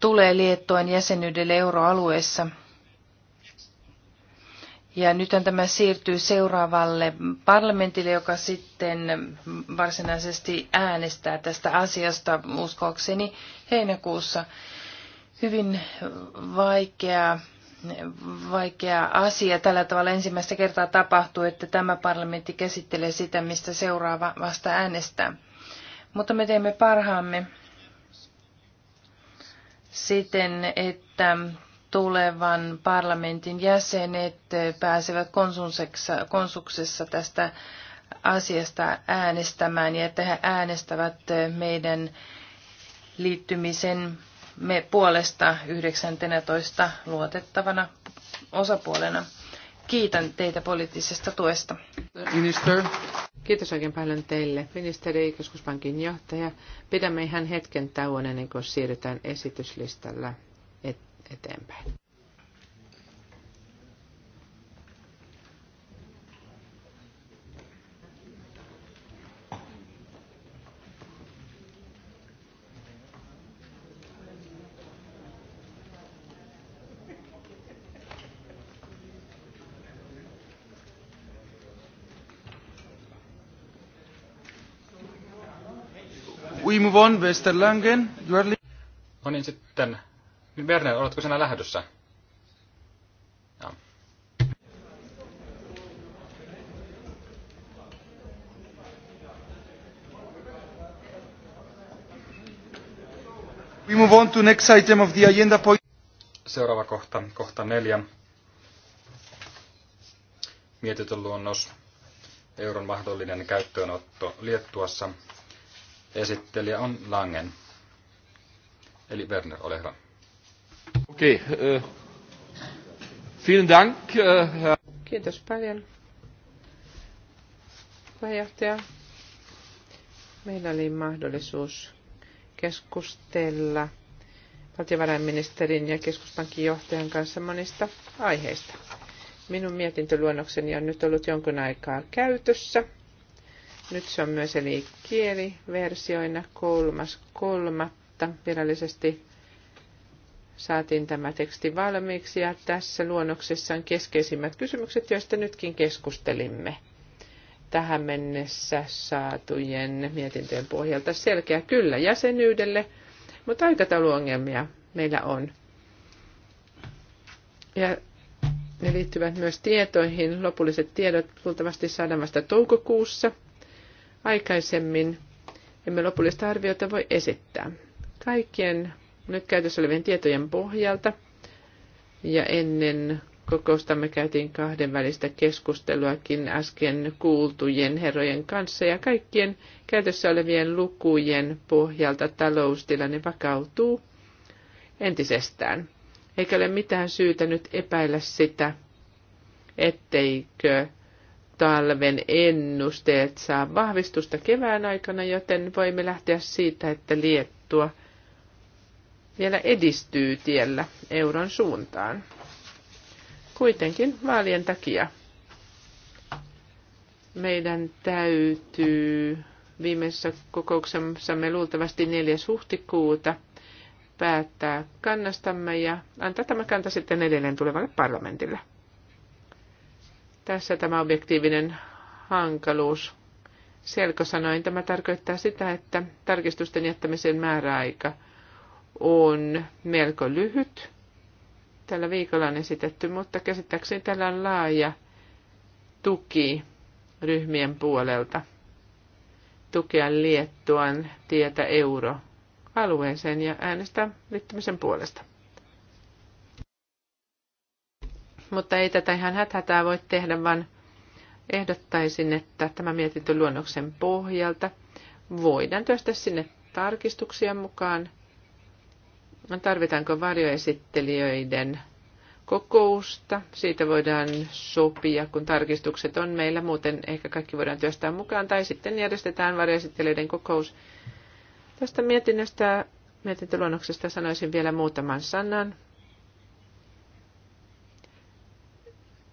Speaker 3: tulee Liettuan jäsenyydelle euroalueessa. Ja nythän tämä siirtyy seuraavalle parlamentille, joka sitten varsinaisesti äänestää tästä asiasta uskoakseni heinäkuussa. Hyvin vaikea, vaikea asia. Tällä tavalla ensimmäistä kertaa tapahtuu, että tämä parlamentti käsittelee sitä, mistä seuraava vasta äänestää. Mutta me teemme parhaamme siten, että tulevan parlamentin jäsenet pääsevät konsuksessa, konsuksessa tästä asiasta äänestämään ja että he äänestävät meidän liittymisen me puolesta 19 luotettavana osapuolena kiitän teitä poliittisesta tuesta. Minister. Kiitos oikein paljon teille, ministeri,
Speaker 2: keskuspankin johtaja. Pidämme ihan hetken tauon ennen kuin siirrytään esityslistalla eteenpäin.
Speaker 1: move on, Wester Langen? No niin, sitten. Werner, oletko sinä lähdössä? We move on to next item of the agenda point. Seuraava kohta, kohta neljä. Mietitön luonnos. Euron mahdollinen käyttöönotto Liettuassa Esittelijä on Langen. Eli Werner, ole hyvä. Okei. Okay, eh, vielen dank. Eh,
Speaker 2: Kiitos paljon. Puheenjohtaja, meillä oli mahdollisuus keskustella valtiovarainministerin ja keskuspankin johtajan kanssa monista aiheista. Minun mietintöluonnokseni on nyt ollut jonkun aikaa käytössä. Nyt se on myös eli kieliversioina kolmas kolmatta virallisesti saatiin tämä teksti valmiiksi ja tässä luonnoksessa on keskeisimmät kysymykset, joista nytkin keskustelimme. Tähän mennessä saatujen mietintöjen pohjalta selkeä kyllä jäsenyydelle, mutta aikatauluongelmia meillä on. Ja ne liittyvät myös tietoihin. Lopulliset tiedot luultavasti saadaan vasta toukokuussa aikaisemmin emme lopullista arviota voi esittää. Kaikkien nyt käytössä olevien tietojen pohjalta ja ennen kokoustamme käytiin kahdenvälistä keskusteluakin äsken kuultujen herrojen kanssa ja kaikkien käytössä olevien lukujen pohjalta taloustilanne vakautuu entisestään. Eikä ole mitään syytä nyt epäillä sitä, etteikö talven ennusteet saa vahvistusta kevään aikana, joten voimme lähteä siitä, että Liettua vielä edistyy tiellä euron suuntaan. Kuitenkin vaalien takia meidän täytyy viimeisessä kokouksessamme luultavasti 4. huhtikuuta päättää kannastamme ja antaa tämä kanta sitten edelleen tulevalle parlamentille. Tässä tämä objektiivinen hankaluus. Selkosanoin tämä tarkoittaa sitä, että tarkistusten jättämisen määräaika on melko lyhyt. Tällä viikolla on esitetty, mutta käsittääkseni tällä on laaja tuki ryhmien puolelta tukea Liettuan tietä euroalueeseen ja äänestää liittymisen puolesta. mutta ei tätä ihan hätätää voi tehdä, vaan ehdottaisin, että tämä mietintö luonnoksen pohjalta voidaan työstää sinne tarkistuksia mukaan. Tarvitaanko varjoesittelijöiden kokousta? Siitä voidaan sopia, kun tarkistukset on meillä. Muuten ehkä kaikki voidaan työstää mukaan. Tai sitten järjestetään varjoesittelijöiden kokous. Tästä mietinnöstä, mietintöluonnoksesta sanoisin vielä muutaman sanan.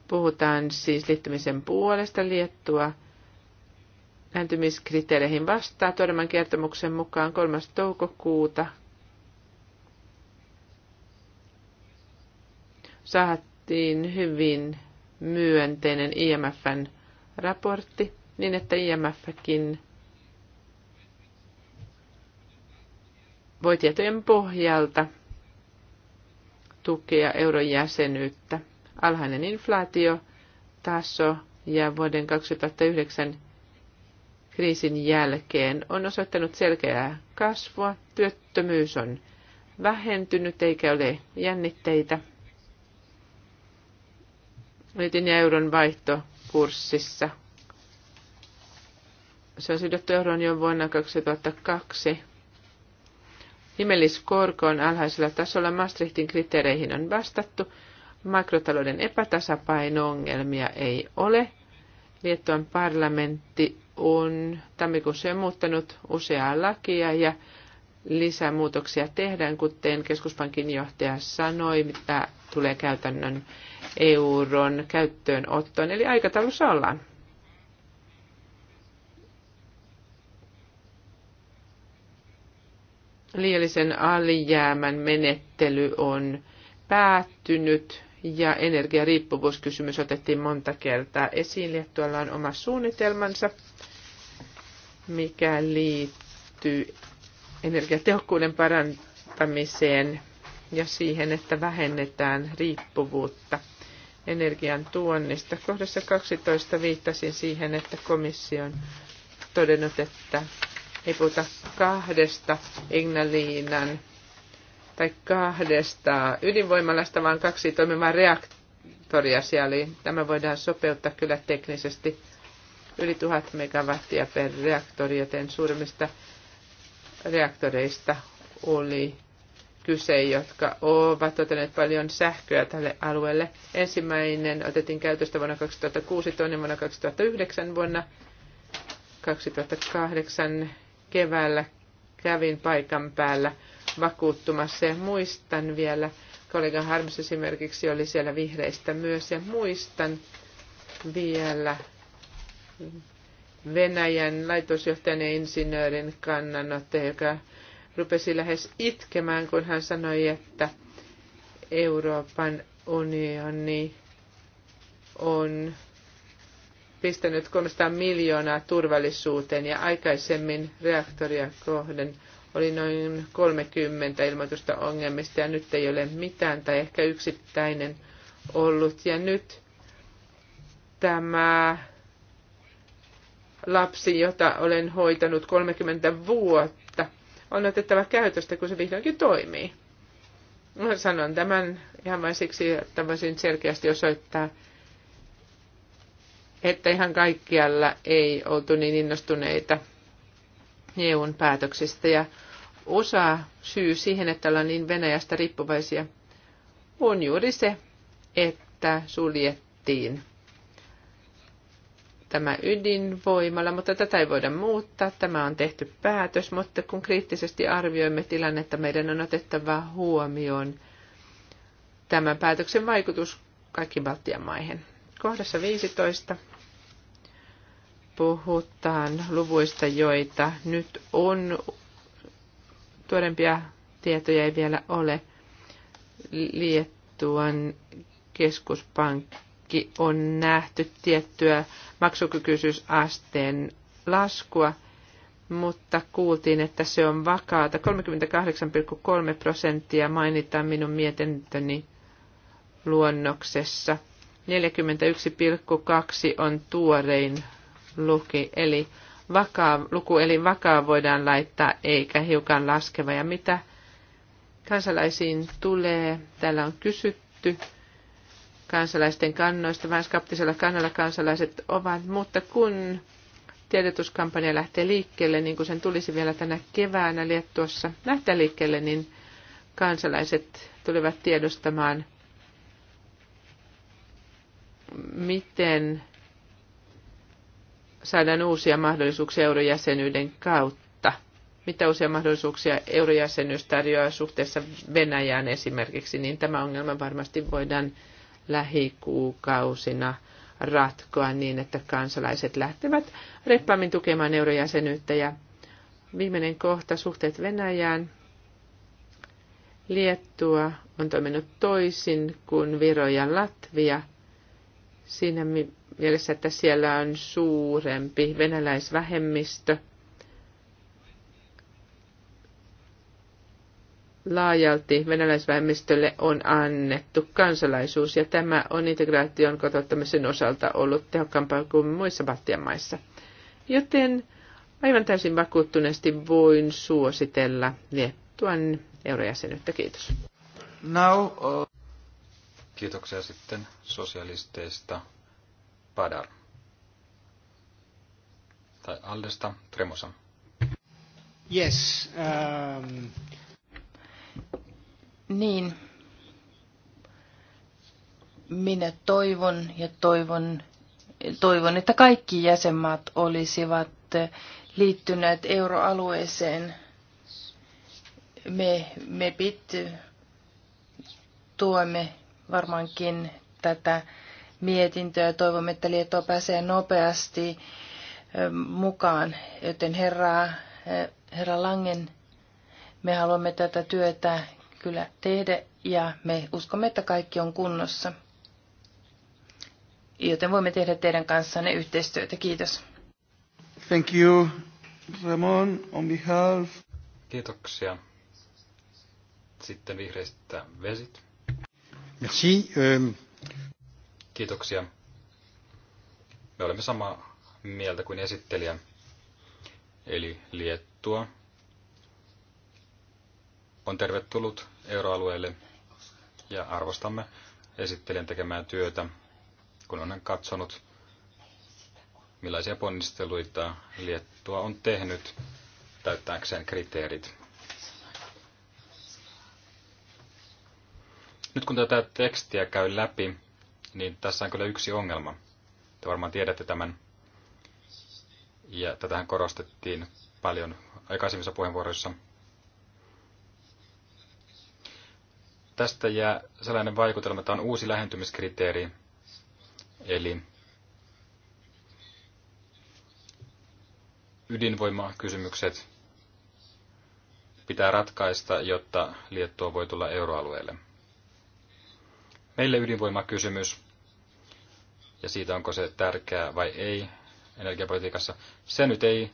Speaker 2: Puhutaan siis liittymisen puolesta liettua lääntymiskriteereihin vastaa tuoreman kertomuksen mukaan 3. toukokuuta. Saatiin hyvin myönteinen IMFn raportti niin, että IMFkin voi tietojen pohjalta tukea eurojäsenyyttä alhainen inflaatio taso ja vuoden 2009 kriisin jälkeen on osoittanut selkeää kasvua. Työttömyys on vähentynyt eikä ole jännitteitä. Liitin ja euron vaihtokurssissa. Se on sidottu euron jo vuonna 2002. Nimelliskorko on alhaisella tasolla. Maastrichtin kriteereihin on vastattu. Makrotalouden epätasapaino-ongelmia ei ole. Liettuan parlamentti on tammikuussa muuttanut useaa lakia ja lisää muutoksia tehdään, kuten keskuspankin johtaja sanoi, mitä tulee käytännön euron käyttöönottoon. Eli aikataulussa ollaan. Liiallisen alijäämän menettely on päättynyt ja energiariippuvuuskysymys otettiin monta kertaa esille. Tuolla on oma suunnitelmansa, mikä liittyy energiatehokkuuden parantamiseen ja siihen, että vähennetään riippuvuutta energian tuonnista. Kohdassa 12 viittasin siihen, että komissio on todennut, että ei puhuta kahdesta Ignaliinan tai kahdesta ydinvoimalasta, vaan kaksi toimivaa reaktoria siellä. Tämä voidaan sopeuttaa kyllä teknisesti yli 1000 megawattia per reaktori, joten suurimmista reaktoreista oli kyse, jotka ovat ottaneet paljon sähköä tälle alueelle. Ensimmäinen otettiin käytöstä vuonna 2006, toinen vuonna 2009 vuonna 2008 keväällä kävin paikan päällä vakuuttumassa ja muistan vielä, kollega Harms esimerkiksi oli siellä vihreistä myös ja muistan vielä Venäjän laitosjohtajan ja insinöörin kannanotto, joka rupesi lähes itkemään, kun hän sanoi, että Euroopan unioni on pistänyt 300 miljoonaa turvallisuuteen ja aikaisemmin reaktoria kohden oli noin 30 ilmoitusta ongelmista ja nyt ei ole mitään tai ehkä yksittäinen ollut. Ja nyt tämä lapsi, jota olen hoitanut 30 vuotta, on otettava käytöstä, kun se vihdoinkin toimii. Sanon tämän ihan vain siksi, että voisin selkeästi osoittaa, että ihan kaikkialla ei oltu niin innostuneita EUn päätöksistä ja osa syy siihen, että ollaan niin Venäjästä riippuvaisia, on juuri se, että suljettiin tämä ydinvoimalla, mutta tätä ei voida muuttaa. Tämä on tehty päätös, mutta kun kriittisesti arvioimme tilannetta, meidän on otettava huomioon tämän päätöksen vaikutus kaikkiin Baltian maihin. Kohdassa 15 puhutaan luvuista, joita nyt on. Tuorempia tietoja ei vielä ole. Liettuan keskuspankki on nähty tiettyä maksukykyisyysasteen laskua, mutta kuultiin, että se on vakaata. 38,3 prosenttia mainitaan minun mietintöni luonnoksessa. 41,2 on tuorein luki, eli vakaa, luku, eli vakaa voidaan laittaa eikä hiukan laskeva. Ja mitä kansalaisiin tulee, täällä on kysytty kansalaisten kannoista, vähän skaptisella kannalla kansalaiset ovat, mutta kun tiedotuskampanja lähtee liikkeelle, niin kuin sen tulisi vielä tänä keväänä Liettuossa lähteä liikkeelle, niin kansalaiset tulivat tiedostamaan, miten saadaan uusia mahdollisuuksia eurojäsenyyden kautta? Mitä uusia mahdollisuuksia eurojäsenyys tarjoaa suhteessa Venäjään esimerkiksi, niin tämä ongelma varmasti voidaan lähikuukausina ratkoa niin, että kansalaiset lähtevät reppaammin tukemaan eurojäsenyyttä. Ja viimeinen kohta, suhteet Venäjään. Liettua on toiminut toisin kuin Viro ja Latvia siinä mielessä, että siellä on suurempi venäläisvähemmistö. Laajalti venäläisvähemmistölle on annettu kansalaisuus ja tämä on integraation kotouttamisen osalta ollut tehokkaampaa kuin muissa Baltian maissa. Joten aivan täysin vakuuttuneesti voin suositella Liettuan eurojäsenyyttä. Kiitos.
Speaker 1: Now, uh... Kiitoksia sitten sosialisteista. Padar. Tai Aldesta Tremosa.
Speaker 3: Yes. Um... Niin. Minä toivon ja toivon, toivon, että kaikki jäsenmaat olisivat liittyneet euroalueeseen. Me, me pit tuemme varmaankin tätä mietintöä. Toivomme, että Lieto pääsee nopeasti mukaan, joten herra, herra Langen, me haluamme tätä työtä kyllä tehdä ja me uskomme, että kaikki on kunnossa. Joten voimme tehdä teidän kanssanne yhteistyötä. Kiitos. Thank you, Ramon, on
Speaker 1: behalf. Kiitoksia. Sitten vihreistä vesit. Merci. Euh... Kiitoksia. Me olemme samaa mieltä kuin esittelijä, eli Liettua on tervetullut euroalueelle ja arvostamme esittelijän tekemään työtä, kun olen katsonut, millaisia ponnisteluita Liettua on tehnyt täyttääkseen kriteerit. Nyt kun tätä tekstiä käy läpi, niin tässä on kyllä yksi ongelma. Te varmaan tiedätte tämän. Ja tätähän korostettiin paljon aikaisemmissa puheenvuoroissa. Tästä jää sellainen vaikutelma, että on uusi lähentymiskriteeri, eli ydinvoimakysymykset pitää ratkaista, jotta Liettua voi tulla euroalueelle. Meille ydinvoimakysymys ja siitä, onko se tärkeää vai ei energiapolitiikassa, se nyt ei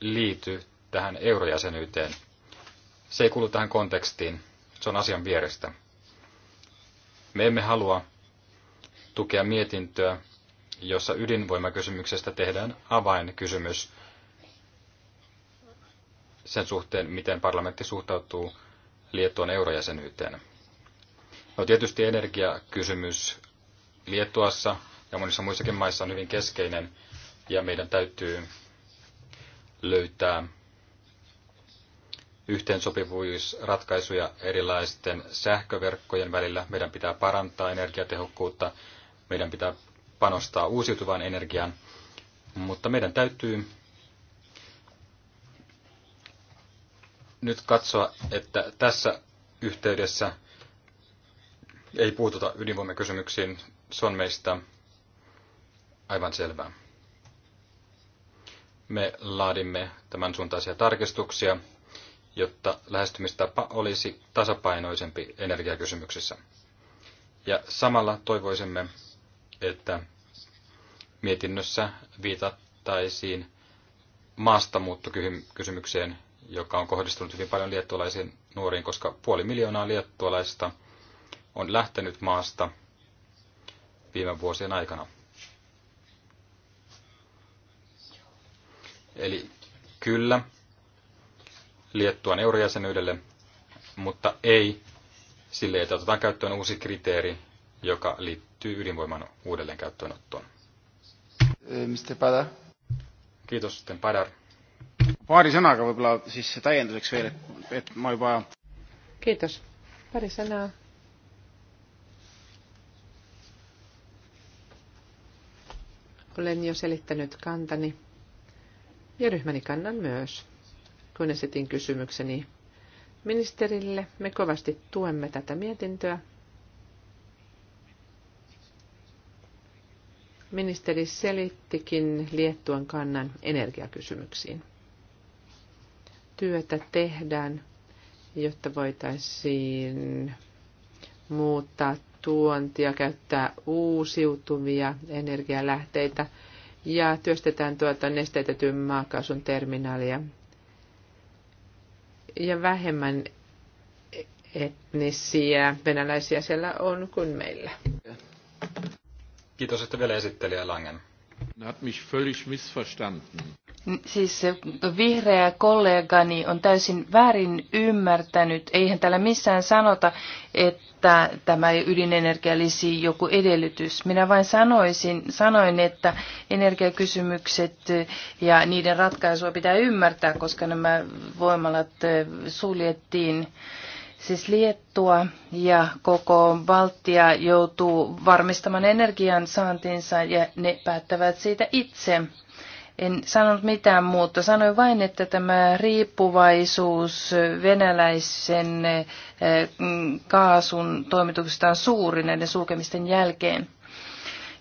Speaker 1: liity tähän eurojäsenyyteen. Se ei kuulu tähän kontekstiin. Se on asian vierestä. Me emme halua tukea mietintöä, jossa ydinvoimakysymyksestä tehdään avainkysymys sen suhteen, miten parlamentti suhtautuu Liettuan eurojäsenyyteen. No tietysti energiakysymys Liettuassa ja monissa muissakin maissa on hyvin keskeinen ja meidän täytyy löytää yhteensopivuusratkaisuja erilaisten sähköverkkojen välillä. Meidän pitää parantaa energiatehokkuutta, meidän pitää panostaa uusiutuvaan energiaan, mutta meidän täytyy nyt katsoa, että tässä yhteydessä ei puututa ydinvoimakysymyksiin. Se on meistä aivan selvää. Me laadimme tämän suuntaisia tarkistuksia, jotta lähestymistapa olisi tasapainoisempi energiakysymyksissä. Ja samalla toivoisimme, että mietinnössä viitattaisiin maastamuuttokysymykseen, joka on kohdistunut hyvin paljon liettualaisiin nuoriin, koska puoli miljoonaa liettualaista – on lähtenyt maasta viime vuosien aikana. Eli kyllä Liettuan eurojäsenyydelle, mutta ei sille, että otetaan käyttöön uusi kriteeri, joka liittyy ydinvoiman uudelleenkäyttöönottoon. Mr. Padar. Kiitos sitten Padar. Pari sanaa võib-olla siis täienduseks vielä, että et
Speaker 2: Kiitos. Pari sanaa Olen jo selittänyt kantani ja ryhmäni kannan myös, kun esitin kysymykseni ministerille. Me kovasti tuemme tätä mietintöä. Ministeri selittikin Liettuan kannan energiakysymyksiin. Työtä tehdään, jotta voitaisiin muuttaa tuontia, käyttää uusiutuvia energialähteitä ja työstetään tuota nesteytetyn maakaasun terminaalia ja vähemmän etnisiä venäläisiä
Speaker 3: siellä on kuin meillä.
Speaker 1: Kiitos, että vielä esittelijä Langen. Hat mich völlig missverstanden.
Speaker 3: Siis vihreä kollegani on täysin väärin ymmärtänyt. Eihän täällä missään sanota, että tämä ydinenergia olisi joku edellytys. Minä vain sanoisin, sanoin, että energiakysymykset ja niiden ratkaisua pitää ymmärtää, koska nämä voimalat suljettiin. Siis Liettua ja koko Baltia joutuu varmistamaan energian saantinsa ja ne päättävät siitä itse. En sanonut mitään muuta. Sanoin vain, että tämä riippuvaisuus venäläisen eh, mm, kaasun toimituksesta on suuri näiden sulkemisten jälkeen.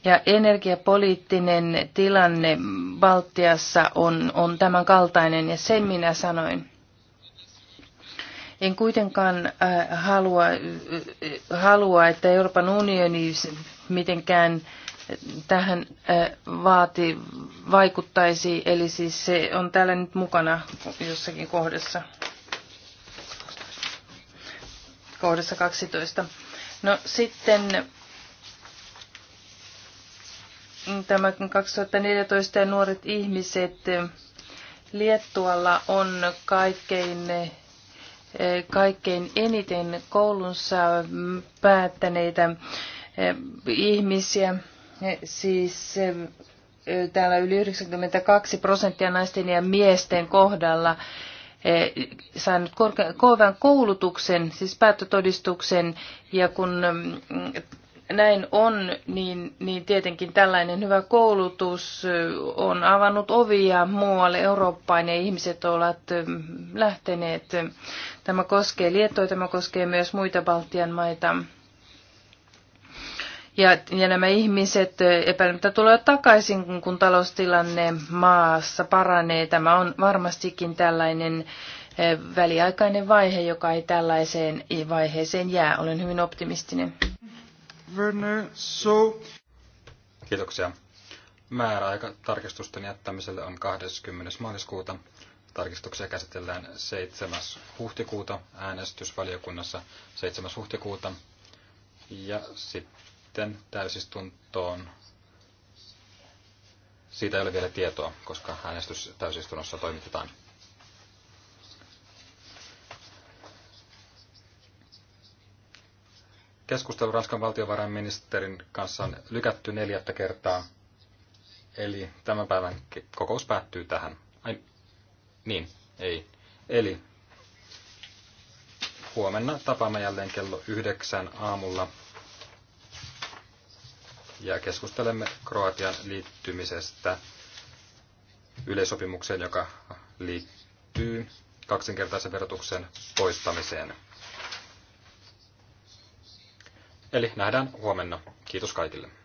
Speaker 3: Ja energiapoliittinen tilanne Baltiassa on, on tämän kaltainen, ja sen minä sanoin. En kuitenkaan eh, halua, eh, halua, että Euroopan unioni mitenkään tähän vaati, vaikuttaisi, eli siis se on täällä nyt mukana jossakin kohdassa, kohdassa 12. No sitten tämä 2014 ja nuoret ihmiset, Liettualla on kaikkein kaikkein eniten koulunsa päättäneitä ihmisiä. Siis eh, täällä yli 92 prosenttia naisten ja miesten kohdalla eh, saanut kovan koulutuksen, siis päättötodistuksen, ja kun mm, näin on, niin, niin tietenkin tällainen hyvä koulutus eh, on avannut ovia muualle Eurooppaan ja ihmiset ovat lähteneet. Tämä koskee Liettoa, tämä koskee myös muita Baltian maita. Ja, ja nämä ihmiset epäilemättä tulevat takaisin, kun taloustilanne maassa paranee. Tämä on varmastikin tällainen väliaikainen vaihe, joka ei tällaiseen vaiheeseen jää. Olen hyvin optimistinen. Werner, so...
Speaker 1: Kiitoksia. Määräaika tarkistusten jättämiselle on 20. maaliskuuta. Tarkistuksia käsitellään 7. huhtikuuta äänestysvaliokunnassa 7. huhtikuuta. Ja sitten sitten täysistuntoon. Siitä ei ole vielä tietoa, koska äänestys täysistunnossa toimitetaan. Keskustelu Ranskan valtiovarainministerin kanssa on lykätty neljättä kertaa. Eli tämän päivän kokous päättyy tähän. Ai, niin, ei. Eli huomenna tapaamme jälleen kello yhdeksän aamulla ja keskustelemme Kroatian liittymisestä yleisopimukseen, joka liittyy kaksinkertaisen verotuksen poistamiseen. Eli nähdään huomenna. Kiitos kaikille.